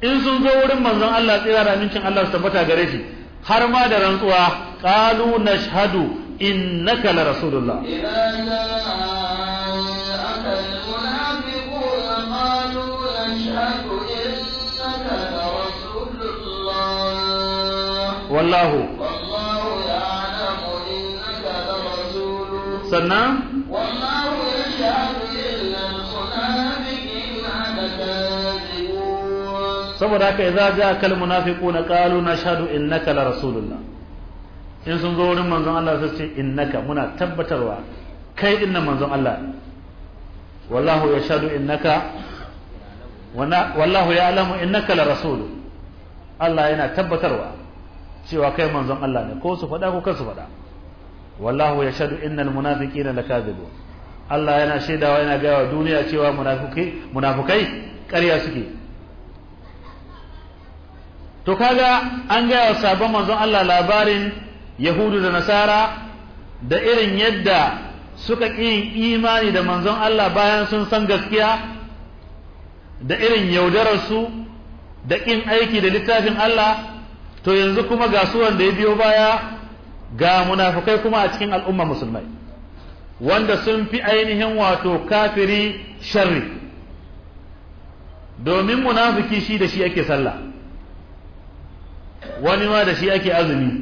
in sun zo wurin manzon Allah tsira da annabin Allah tabbata gare shi har ma da rantsuwa qalu nashhadu innaka la rasulullah wallahu sannan wallahu yashhadu saboda haka idza jaa kal munafiquna qalu nashhadu innaka la rasulullah in sun zo wurin manzon Allah sai ce innaka muna tabbatarwa kai dinnan manzon Allah wallahu yashhadu innaka wallahu ya'lamu innaka la rasul Allah yana tabbatarwa cewa kai manzon Allah ne ko su faɗa ko kansu faɗa wallahu yashhadu innal munafiqina lakadibun Allah yana shaidawa yana gaya wa duniya cewa munafukai karya ƙarya suke to kaga an gaya wa sabon manzon Allah labarin Yahudu da Nasara da irin yadda suka ƙi imani da manzon Allah bayan sun san gaskiya da irin yaudararsu da ƙin aiki da littafin Allah to yanzu kuma ga su wanda ya biyo baya ga munafikai kuma a cikin al'umma musulmai wanda sun fi ainihin wato kafiri sharri domin munafiki shi da shi ake sallah wani ma da shi ake azumi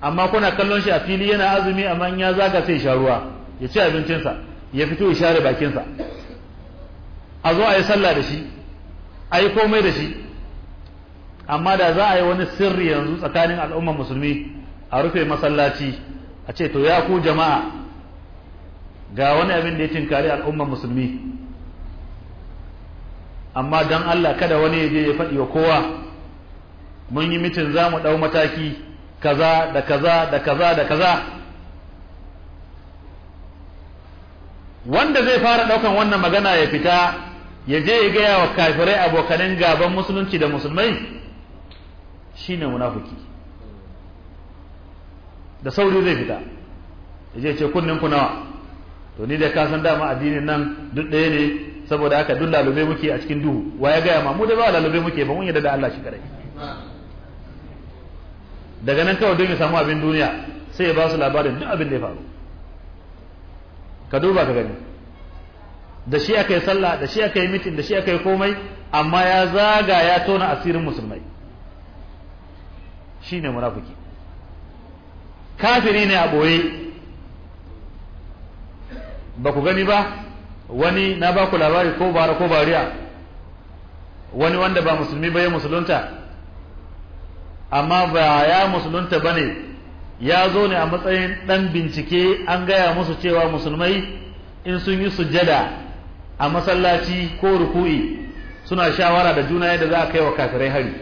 amma kuna kallon shi a fili yana azumi amma ya zaga sai sharuwa ruwa ya ci abincinsa ya fito ya share bakinsa a zo a yi sallah da shi a yi komai da shi amma da za a yi wani sirri yanzu tsakanin al'ummar musulmi a rufe masallaci a ce to ya ku jama'a ga wani abin da ya tinkari al'ummar musulmi amma don Allah kada wani ya je ya faɗi wa kowa mun yi mitin za mu ɗau mataki kaza da kaza da kaza da kaza wanda zai fara ɗaukan wannan magana ya fita ya je ya gaya wa kafirai abokanin gaban musulunci da musulmai Shi ne munafiki da sauri zai fita yaje ce kunnin ku nawa to ni da ka san dama addinin nan duk ɗaya ne saboda haka duk lalube muke a cikin duhu wa ya gaya ma mu da ba lalube muke ba mun yadda da Allah shi kare daga nan kawai don ya samu abin duniya sai ya ba su labarin duk abin da ya faru ka duba ka gani da shi aka yi sallah da shi aka yi mitin da shi aka yi komai amma ya zaga ya tona asirin musulmai Shi shine munafiki kafiri ne a boye ba ku gani ba wani na ba ku labari ko bara ko bariya wani wanda ba musulmi ba ya musulunta amma ba ya musulunta ne ya zo ne a matsayin dan bincike an gaya musu cewa musulmai in sun yi sujada a masallaci ko ruku'i suna shawara da juna yadda za a kai wa kafirai hari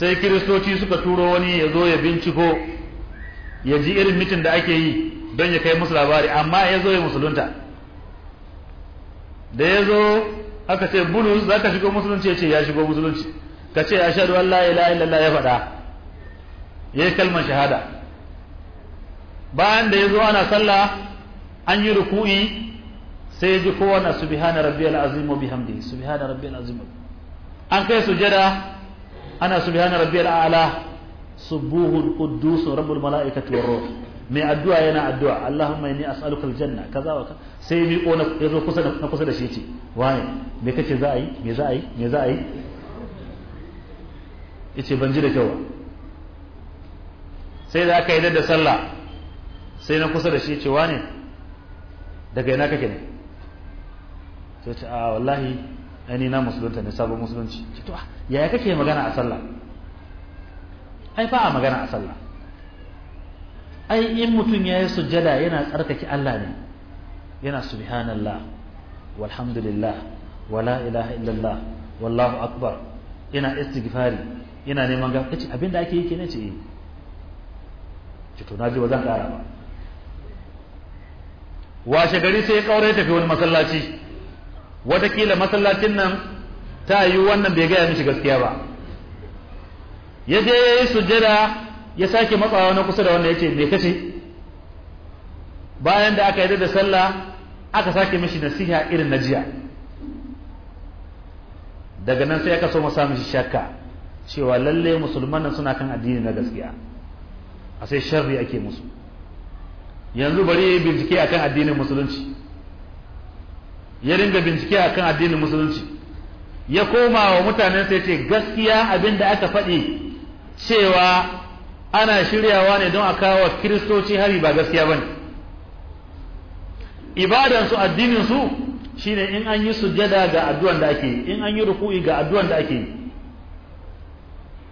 sai kiristoci suka turo wani ya zo ya binciko ya ji irin mitin da ake yi don ya kai musu labari amma ya zo ya musulunta da ya zo aka ce bulus za ka shigo musulunci ya ce ya shigo musulunci ka ce ashadu Allah ya ilaha lalla ya faɗa ya yi kalmar shahada bayan da ya zo ana sallah an yi ruku'i sai ya ji kowa na subhana rabbiyal azim wa Subihana subhana rabbiyal azimu. an kai sujada ana subhana rabbiyal a'la subuhul quddus rabbul malaikati war ruh mai addu'a yana addu'a Allahumma inni as'aluka aljanna kaza wa sai mi ko na zo kusa da kusa da shi ce waye me kace za a yi me za a yi me za a yi yace ban ji da kyau sai da aka yi da sallah sai na kusa da shi ce wane daga ina kake ne to ce a wallahi ani na musulunta ne sabon musulunci to to yaya kake magana a sallah ai fa a magana a sallah ai in mutum yayi sujjada yana tsarkake Allah ne yana subhanallah walhamdulillah wala ilaha illallah wallahu akbar yana istighfari yana neman gafa kace abinda ake yi kenan ce eh ki to naji wazan kara ba washe gari sai ya kaure tafi wani masallaci watakila masallacin nan ta yi wannan bai gaya mishi gaskiya ba ya je ya yi sujjada ya sake matsawa na kusa da wannan ya ce me kace bayan da aka yi da sallah aka sake mishi nasiha irin na jiya daga nan sai aka so masa mishi shakka cewa lalle musulman nan suna kan addini na gaskiya a sai sharri ake musu yanzu bari ya yi bincike akan addinin musulunci ya ringa bincike a kan addinin musulunci ya koma wa mutanen sai ce gaskiya abin da aka faɗi cewa ana shiryawa ne don a kawo kiristoci hari ba gaskiya ba ne. Ibadansu addininsu su shine in an yi sujada ga addu'an da ake yi in an yi ruku'i ga addu'an da ake yi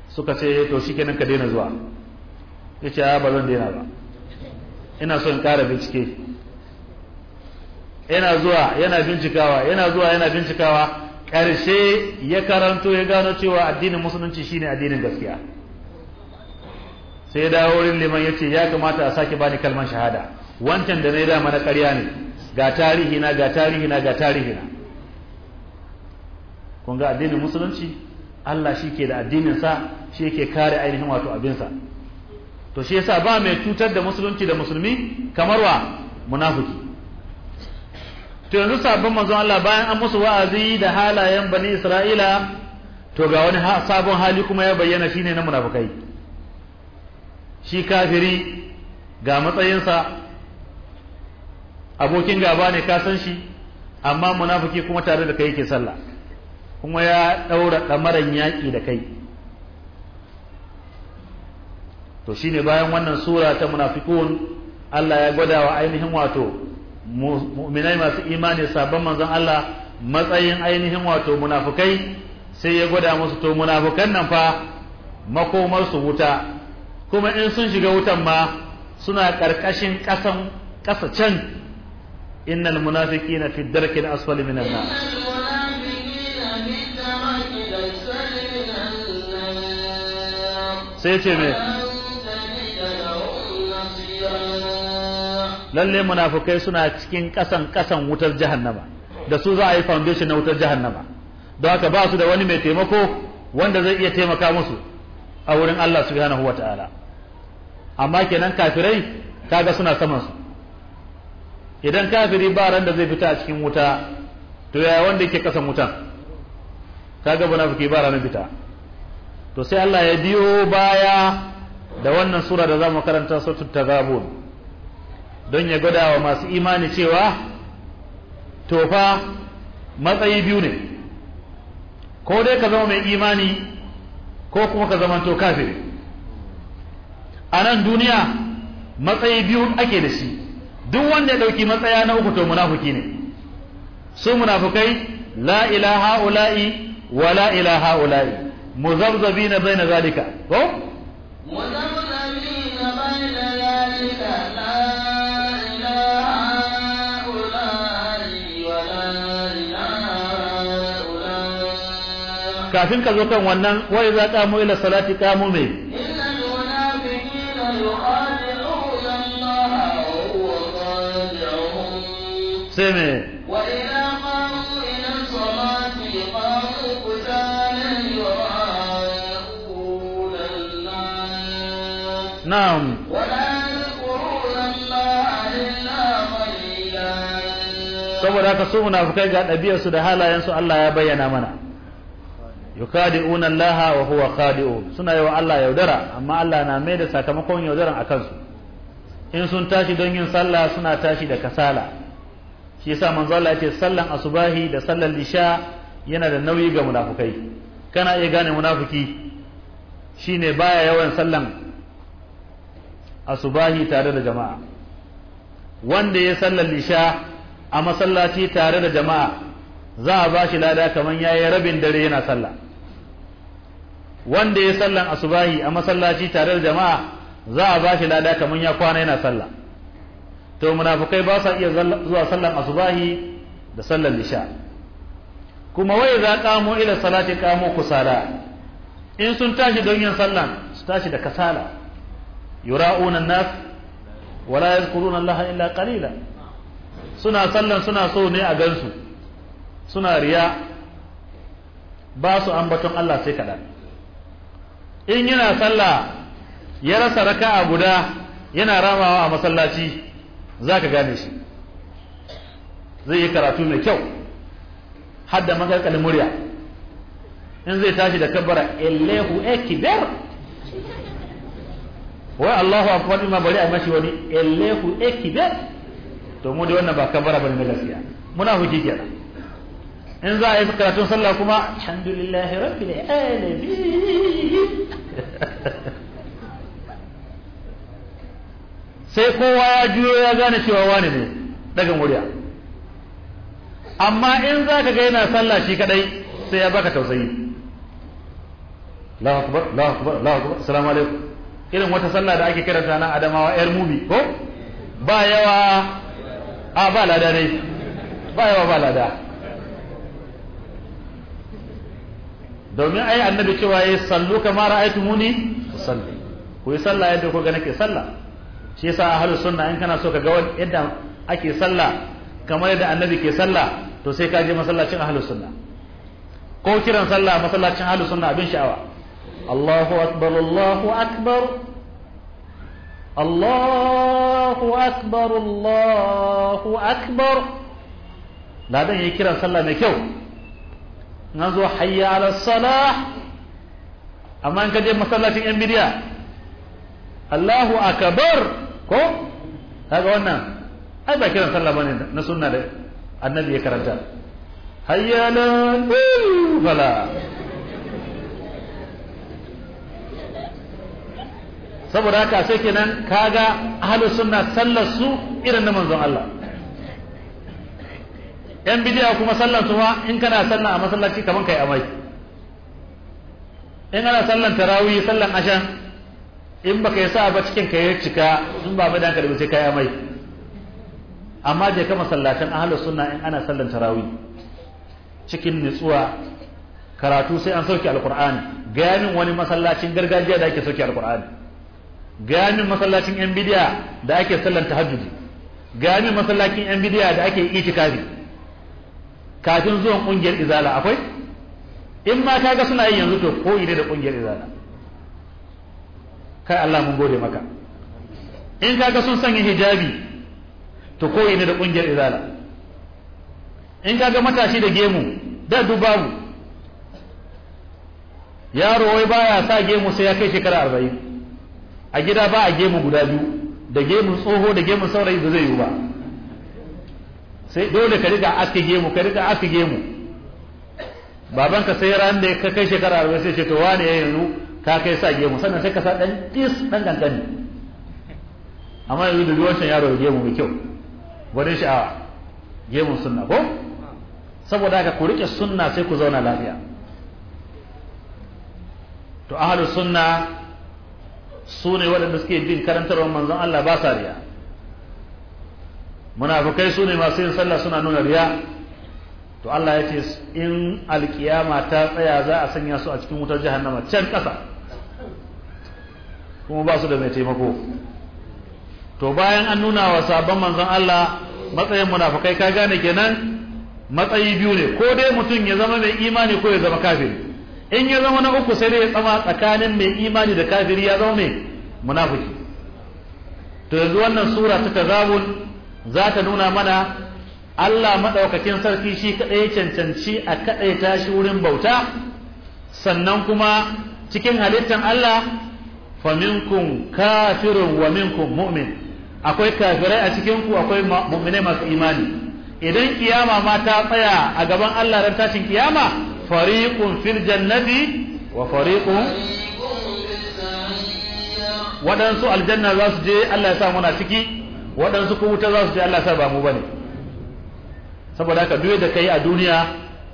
suka ce to shi kenan ka daina zuwa ce ba zan daina ba ina son ƙara bincike yana zuwa yana bincikawa yana zuwa yana bincikawa ƙarshe ya karanto ya gano cewa addinin musulunci shine addinin gaskiya sai da wurin liman yace ya kamata a sake bani kalman shahada wancan da nayi yi dama na ƙarya ne ga tarihi na ga tarihi na ga tarihi na. kun ga addinin musulunci Allah shi ke da addininsa shi yake kare ainihin wato abinsa to shi yasa ba mai cutar da musulunci da musulmi kamar wa munafiki to yanzu sabon manzon Allah bayan an musu wa'azi da halayen bani Isra'ila to ga wani sabon hali kuma ya bayyana shine na munafukai shi kafiri ga matsayinsa abokin gaba ne ka san shi amma munafiki kuma tare da kai yake sallah kuma ya ɗaura ɗamaran yaƙi da kai to shine bayan wannan sura ta munafiqun Allah ya gwada wa ainihin wato mu'minai masu imani sabon manzon Allah matsayin ainihin wato munafukai sai ya gwada musu to munafukan nan fa makomar su wuta kuma in sun shiga wutan ma suna karkashin kasan kasa can innal munafiqina fi darkil asfali minan nar sai ce me lalle munafukai suna cikin kasan kasan wutar jahannama da su za a yi foundation na wutar jahannama don haka ba su da wani mai taimako wanda zai iya taimaka musu a wurin Allah subhanahu wataala amma kenan kafirai kaga suna saman su idan kafiri ba ran da zai fita a cikin wuta to yaya wanda yake kasan wutan kaga munafiki ba ran fita to sai Allah ya biyo baya da wannan sura da zamu karanta suratul tazabun don ya gwada wa masu imani cewa tofa matsayi biyu ne ko dai ka zama mai imani ko kuma ka zama to kafiri a nan duniya matsayi biyu ake da shi duk wanda ya ɗauki matsaya na uku to munafuki ne su munafukai la ilaha ula'i wa la ilaha ula'i muzabzabina na zalika ko kafin ka zo kan wannan wai idza qamu ila salati kamu me sai me na'am saboda haka su munafukai ga ɗabi'arsu da halayensu Allah ya bayyana mana yukadi'una Allah wa huwa khadi'u suna yi Allah yaudara amma Allah na mai da sakamakon yaudaran a kansu in sun tashi don yin sallah suna tashi da kasala shi yasa manzo Allah yace sallan asubahi da sallan isha yana da nauyi ga munafukai kana iya gane munafiki shine baya yawan sallan asubahi tare da jama'a wanda ya sallan isha a masallaci tare da jama'a za a ba shi lada kamar yayi rabin dare yana sallah wanda ya sallan asubahi a masallaci tare da jama'a za a bashi lada kamar ya kwana yana sallah to munafukai ba sa iya zuwa sallan asubahi da sallan isha kuma wai za kamo ila salati kamo kusala in sun tashi don yin sallan su tashi da kasala yura'una nas wala yadhkuruna allaha illa qalila suna sallan suna so ne a gansu suna riya ba su ambaton Allah sai kaɗan in yana sallah ya rasa raka'a guda yana ramawa a masallaci zaka gane shi zai yi karatu mai kyau har da murya in zai tashi da kabbara illahu akbar wai Allahu akbar ma bari a mashi wani illahu akbar to mu da wannan ba kabbara bane na gaskiya muna huji in za a yi karatun sallah kuma alhamdulillahi rabbil alamin sai kowa ya juyo ya gane cewa wani ne daga murya amma in za ka ga yana sallah shi kadai sai ya baka tausayi la akbar la akbar la akbar assalamu alaikum irin wata sallah da ake karanta na Adamawa yar mubi ko ba yawa a ba lada ne ba yawa ba lada domin ai annabi cewa ya eh, sallu kama ra'aytumuni usalli ku yi sallah yadda ku ga nake sallah shi yasa ahlus sunna in kana so ka ga yadda ake sallah kamar yadda annabi ke sallah to sai ka je masallacin ahlus sunna ko kiran sallah masallacin ahlus sunna abin sha'awa Allahu akbar Allahu akbar Allahu akbar Allahu akbar ladan yayi kiran sallah mai kyau na zo hayya ala salah amma in ka je masallacin yan bidiya Allahu akbar ko kaga wannan ai ba kiran sallah bane na sunna da annabi ya karanta hayya uh, ala fala saboda haka sai kenan kaga ahlus sunna sallar su irin na manzon Allah yan bidiya kuma sallan su ma in kana sallan a masallaci kaman kai amai in ana sallan tarawih sallan ashan in baka yi sa ba cikin ka ya cika in ba mai danka da sai kai amai amma je ka masallatan ahlus sunna in ana sallan tarawih cikin nutsuwa karatu sai an sauke alqur'ani ganin wani masallacin gargajiya da ake sauke alqur'ani ganin masallacin yan bidiya da ake sallan tahajjudi ganin masallacin yan bidiya da ake itikafi kafin zuwan kungiyar izala akwai in ma kaga suna yin yanzu to ko ire da kungiyar izala kai Allah mun gode maka in kaga sun sanya hijabi to ko ire da kungiyar izala in kaga matashi da gemu da dubabu yaro wai baya sa gemu sai ya kai shekara arba'in a gida ba a gemu guda biyu da gemun tsoho da gemun saurayi da zai yi ba sai dole ka riga aka gemu ka riga aske gemu babanka sai ran da ka kai shekara arba'in sai ce to wane ya yanzu ka kai sa gemu sannan sai ka sa dan dis dan kankani amma yanzu da wancan yaro gemu mai kyau gwanin sha'awa gemun sunna ko saboda haka ku rike sunna sai ku zauna lafiya to ahlu sunna su ne waɗanda suke bin karantarwar manzon Allah ba sa riya Munafukai su ne masu yin sallah suna nuna riya to Allah ya ce in alkiyama ta tsaya za a sanya su a cikin wutar jahannama can ƙasa kuma ba su da mai taimako to bayan an nuna wa sabon manzon Allah matsayin munafikai ka gane kenan matsayi biyu ne ko dai mutum ya zama mai imani ko ya zama kafiri in ya zama na uku sai dai ya tsama tsakanin mai imani da kafiri ya zama mai munafiki to yanzu wannan sura ta tazabun za ta nuna mana Allah maɗaukakin sarki shi kaɗai cancanci a kaɗai tashi wurin bauta sannan kuma cikin halittar Allah faminkun kafirun wa minkun mu'min akwai kafirai a cikinku akwai mu'minai masu imani idan kiyama ma ta tsaya a gaban Allah ran tashin kiyama fariqun fil jannati wa fariqun waɗansu aljanna za su je Allah ya sa muna ciki waɗansu ko wuta za su ce Allah sa ba mu bane saboda haka duk da kai a duniya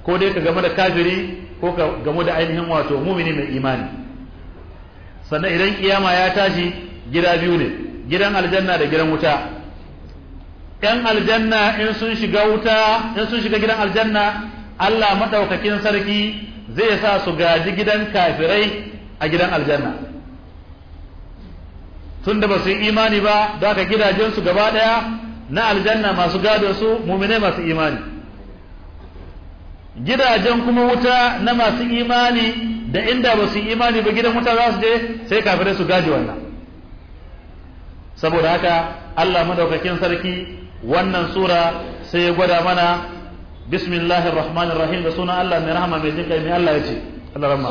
ko dai ka gama da kafiri ko ka gama da ainihin wato mumini mai imani sannan idan kiyama ya tashi gida biyu ne gidan aljanna da gidan wuta ɗan aljanna in sun shiga wuta in sun shiga gidan aljanna Allah maɗaukakin sarki zai sa su gaji gidan kafirai a gidan aljanna tunda ba su yi imani ba da ka gidajensu gaba ɗaya na aljanna masu gado su mu'minai masu imani gidajen kuma wuta na masu imani da inda ba su yi imani ba gidan wuta za su je sai kafire su gaji wannan saboda haka Allah madaukakin sarki wannan sura sai ya gwada mana bismillahir rahmanir rahim da sunan Allah mai rahama mai jinkai mai Allah ya ce Allah rahma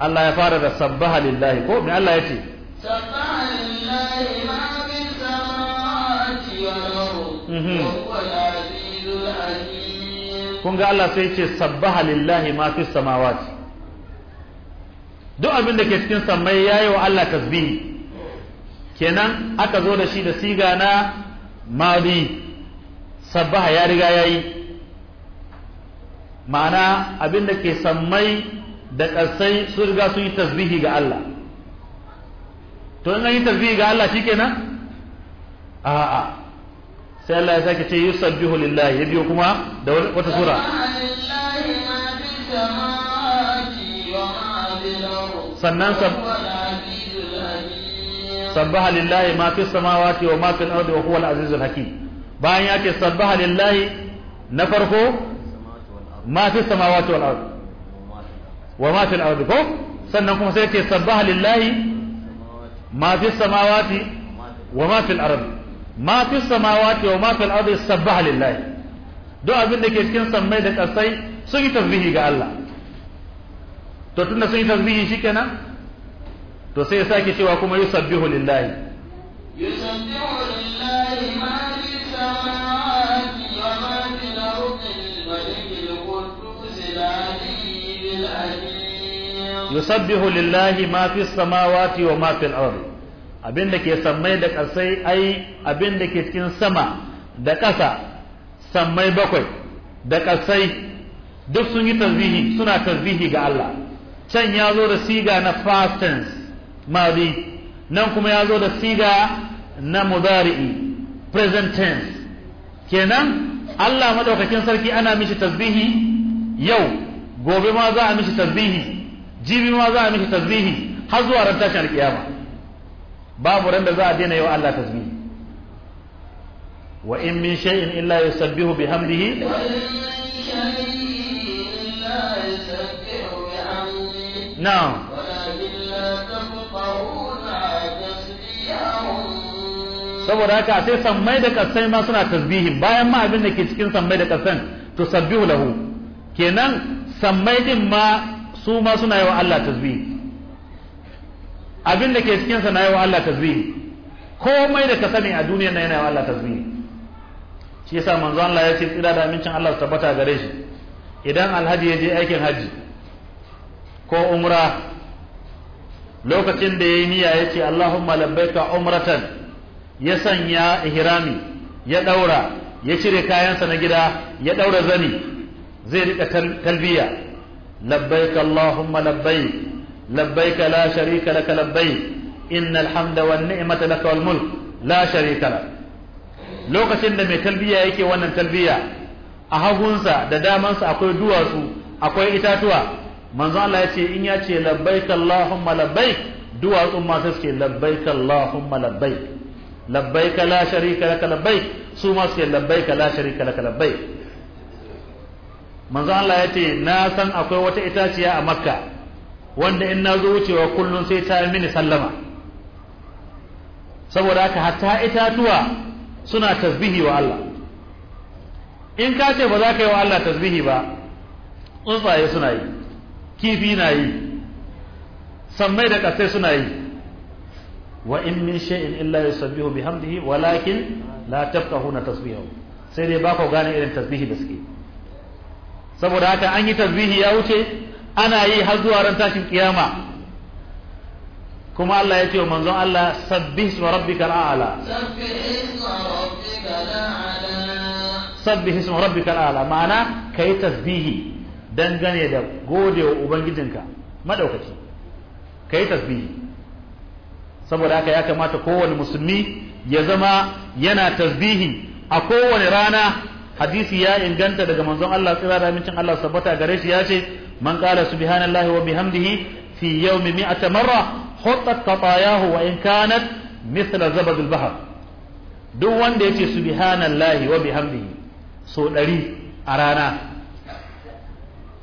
Allah ya fara da sabbaha lillahi ko me Allah yace sabbaha lillahi ma fi samawati wal ardi mhm. wa huwa al-azizul hakim kun ga Allah sai yace sabbaha lillahi ma fi samawati duk abin da ke cikin sammai yayi wa Allah tasbihi kenan aka zo da shi da siga na mali. sabbaha ya riga yayi ma'ana abin da ke sammai da ƙasai sun riga sun yi tasbihi ga Allah to in an yi tasbihi ga Allah shikenan a'a sai Allah ya sake ce yusabbihu lillahi ya biyo kuma da wata sura sannan sabbaha lillahi ma fi samawati wa ma fi al-ardi wa huwa al-azizul hakim bayan ya ce sabbaha lillahi na farko ma fi samawati wal ardi wa ma fil ko sannan kuma sai ke sabbaha lillahi ma fis samawati wa ma fil ardi ma samawati wa ma fil ardi sabbaha lillahi duk abin da ke cikin sammai da kasai sun yi tasbihi ga Allah to tunda sun yi tasbihi shikenan to sai ya sake cewa kuma yusabbihu lillahi yusabbihu lillahi yusabbihu lillahi ma fi samawati wa ma al-ard abinda ke sammai da ƙasai ai abinda ke cikin sama da ƙasa sammai bakwai da ƙasai duk sun yi tasbihi suna tasbihi ga Allah can ya zo da siga na past tense madi nan kuma ya zo da siga na mudari'i present tense kenan Allah madaukakin sarki ana mishi tasbihi yau gobe ma za a mishi tasbihi jibi ma za a miki tasbihi har zuwa ran tashin alkiyama babu ran da za a daina yau Allah tasbihi wa in min shay'in illa yusabbihu bihamdihi na'am saboda haka sai sammai da kasai ma suna tasbihi bayan ma abin da ke cikin sammai da kasan to sabbihu lahu kenan sammai din ma su ma suna yi wa Allah tasbih abin da ke cikin sa na yi wa Allah tasbih komai da ka sani a duniyar nan yana yi Allah tasbih shi yasa manzo Allah ya ce tsira da amincin Allah tabbata gare shi idan alhaji ya je aikin haji ko umra lokacin da yayi niyya ya ce Allahumma labbaika umratan ya sanya ihrami ya daura ya cire kayansa na gida ya daura zani zai rika talbiya لبيك اللهم لبيك لبيك لا شريك لك لبيك إن الحمد والنعمة لك والملك لا شريك لك lokacin da mai talbiya yake wannan talbiya a hagunsa da damansa akwai duwatsu akwai itatuwa manzo Allah ya ce in ya ce labbaik Allahumma labbaik duwatsu ma sai suke labbaik Allahumma labbaik labbaik la sharika lak su ma suke manzo Allah ya ce na san akwai wata itaciya a makka wanda in na zo wucewa kullum sai ta mini sallama saboda haka hatta itatuwa suna tasbihi wa Allah in ka ce ba za ka yi wa Allah tasbihi ba tsuntsaye suna yi kifi na yi sammai da ƙasai suna yi wa in min shay'in illa yusabbihu bihamdihi walakin la tafqahuna tasbihahu sai dai ba ku gane irin tasbihi da suke saboda haka an yi tasbihi ya wuce ana yi har zuwa ran tashin kiyama kuma Allah ya ce wa manzon Allah sabbih isma rabbikal a'la sabbih isma rabbikal a'la ma'ana kai tasbihi dangane da gode wa ubangijinka madaukaki kai tasbihi saboda haka ya kamata kowane musulmi ya zama yana tasbihi a kowane rana hadisi ya inganta daga manzon Allah tsira da amincin Allah sabbata gare shi ya ce man qala subhanallahi wa bihamdihi fi yawmi mi'ata marra khutat qatayahu wa in kanat mithla zabad al-bahr duk wanda yace subhanallahi wa bihamdihi so 100 a rana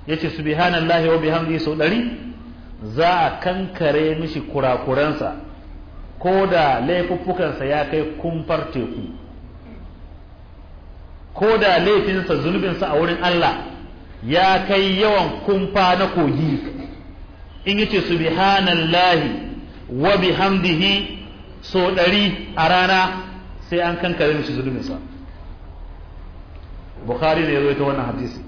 yace subhanallahi wa bihamdihi so 100 za a kankare mishi kurakuransa ko da laifuffukansa ya kai kumfar teku ko da laifinsa zunubinsa a wurin Allah ya kai yawan kumfa na kogi in yace subhanallahi wa hamdihi so ɗari a rana sai an kankare mishi zunubinsa bukhari ne ya zo ta wannan hadisi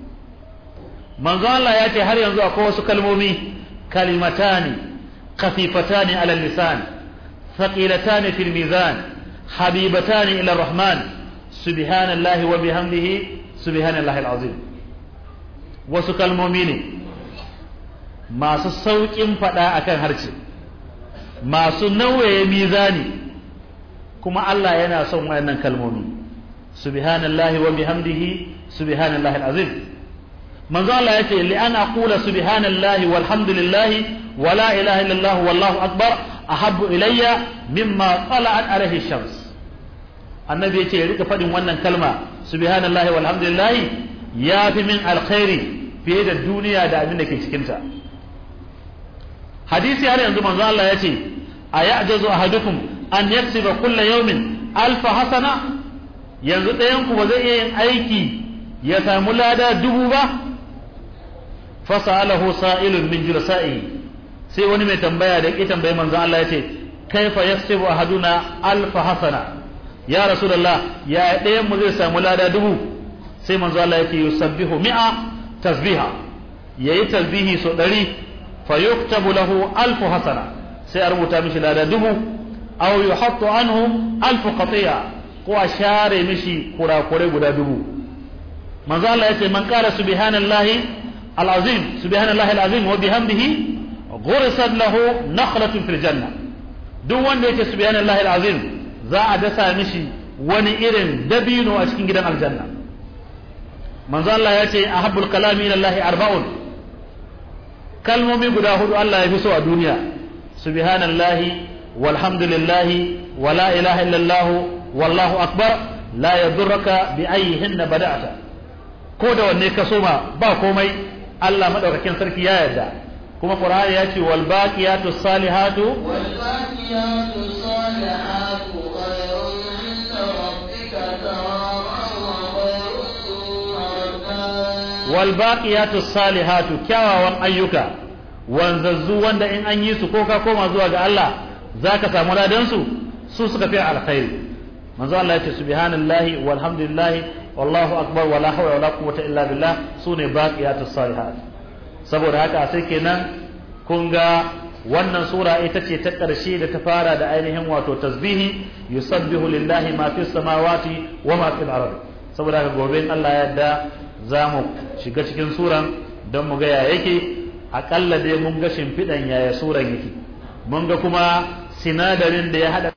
manzo Allah ya ce har yanzu akwai wasu kalmomi kalimatani kafifatani ala lisan thaqilatani fil mizan habibatani ila rahman subhanallahi wa bihamdihi subhanallahi alazim wasu kalmomi ne masu saukin fada akan harce masu nauye mizani kuma Allah yana son wayannan kalmomi subhanallahi wa bihamdihi subhanallahi alazim manzo Allah yake li an aqula subhanallahi walhamdulillahi wala ilaha illallah wallahu akbar ahabbu ilayya mimma tala'at alayhi shams annabi ce ya rika faɗin wannan kalma subhanallahi walhamdulillahi ya fi min alkhairi fiye da duniya da abin da ke cikin ta hadisi har yanzu manzo Allah yace ayajazu ahadukum an yaksiba kullu yawmin alf hasana yanzu ɗayan ku ba zai iya yin aiki ya samu lada dubu ba fasalahu sa'ilun min jursa'i sai wani mai tambaya da ya tambayi manzo Allah yace kaifa yaksibu ahaduna alf hasana ya rasulullah ya ɗayan mu zai samu lada dubu sai manzo Allah yake yusabbihu mi'a tasbiha yayi tasbihi so ɗari fa yuktabu lahu alfu hasana sai a rubuta mishi lada dubu aw yuhattu anhu alfu qati'a ko a share mishi kurakurai guda dubu manzo Allah yace man qala subhanallahi alazim subhanallahi alazim wa bihamdihi ghurisat lahu nakhlatun fil janna duk wanda yake subhanallahi alazim za a dasa mishi wani irin dabino a cikin gidan aljanna manzo Allah ya ce ahabbul kalami ila Allah arba'un kalmomi guda hudu Allah ya fi so a duniya subhanallahi walhamdulillahi wala ilaha illallah wallahu akbar la yadurruka bi ayyihin bada'ata ko da wanne ka soma ba komai Allah madaukakin sarki ya yarda kuma Qur'ani ya ce wal baqiyatu salihatu wal baqiyatu salihatu wal baqiyatu salihatu kyawawan ayyuka wanzazzu wanda in an yi su ko ka koma zuwa ga Allah zaka samu ladan su su suka fi alkhairi manzo Allah ya ce subhanallahi walhamdulillahi wallahu akbar wala hawla wala quwwata illa billah sune baqiyatu salihat saboda haka sai kenan kun ga wannan sura ita ce ta ƙarshe da ta fara da ainihin wato tasbihi yusabbihu lillahi ma fis samawati wa ma fil ardi saboda haka gobe Allah ya yarda za mu shiga cikin suran don mu gaya yake aƙalla dai mun ga shimfiɗan yaya suran yake mun ga kuma sinadarin da ya haɗa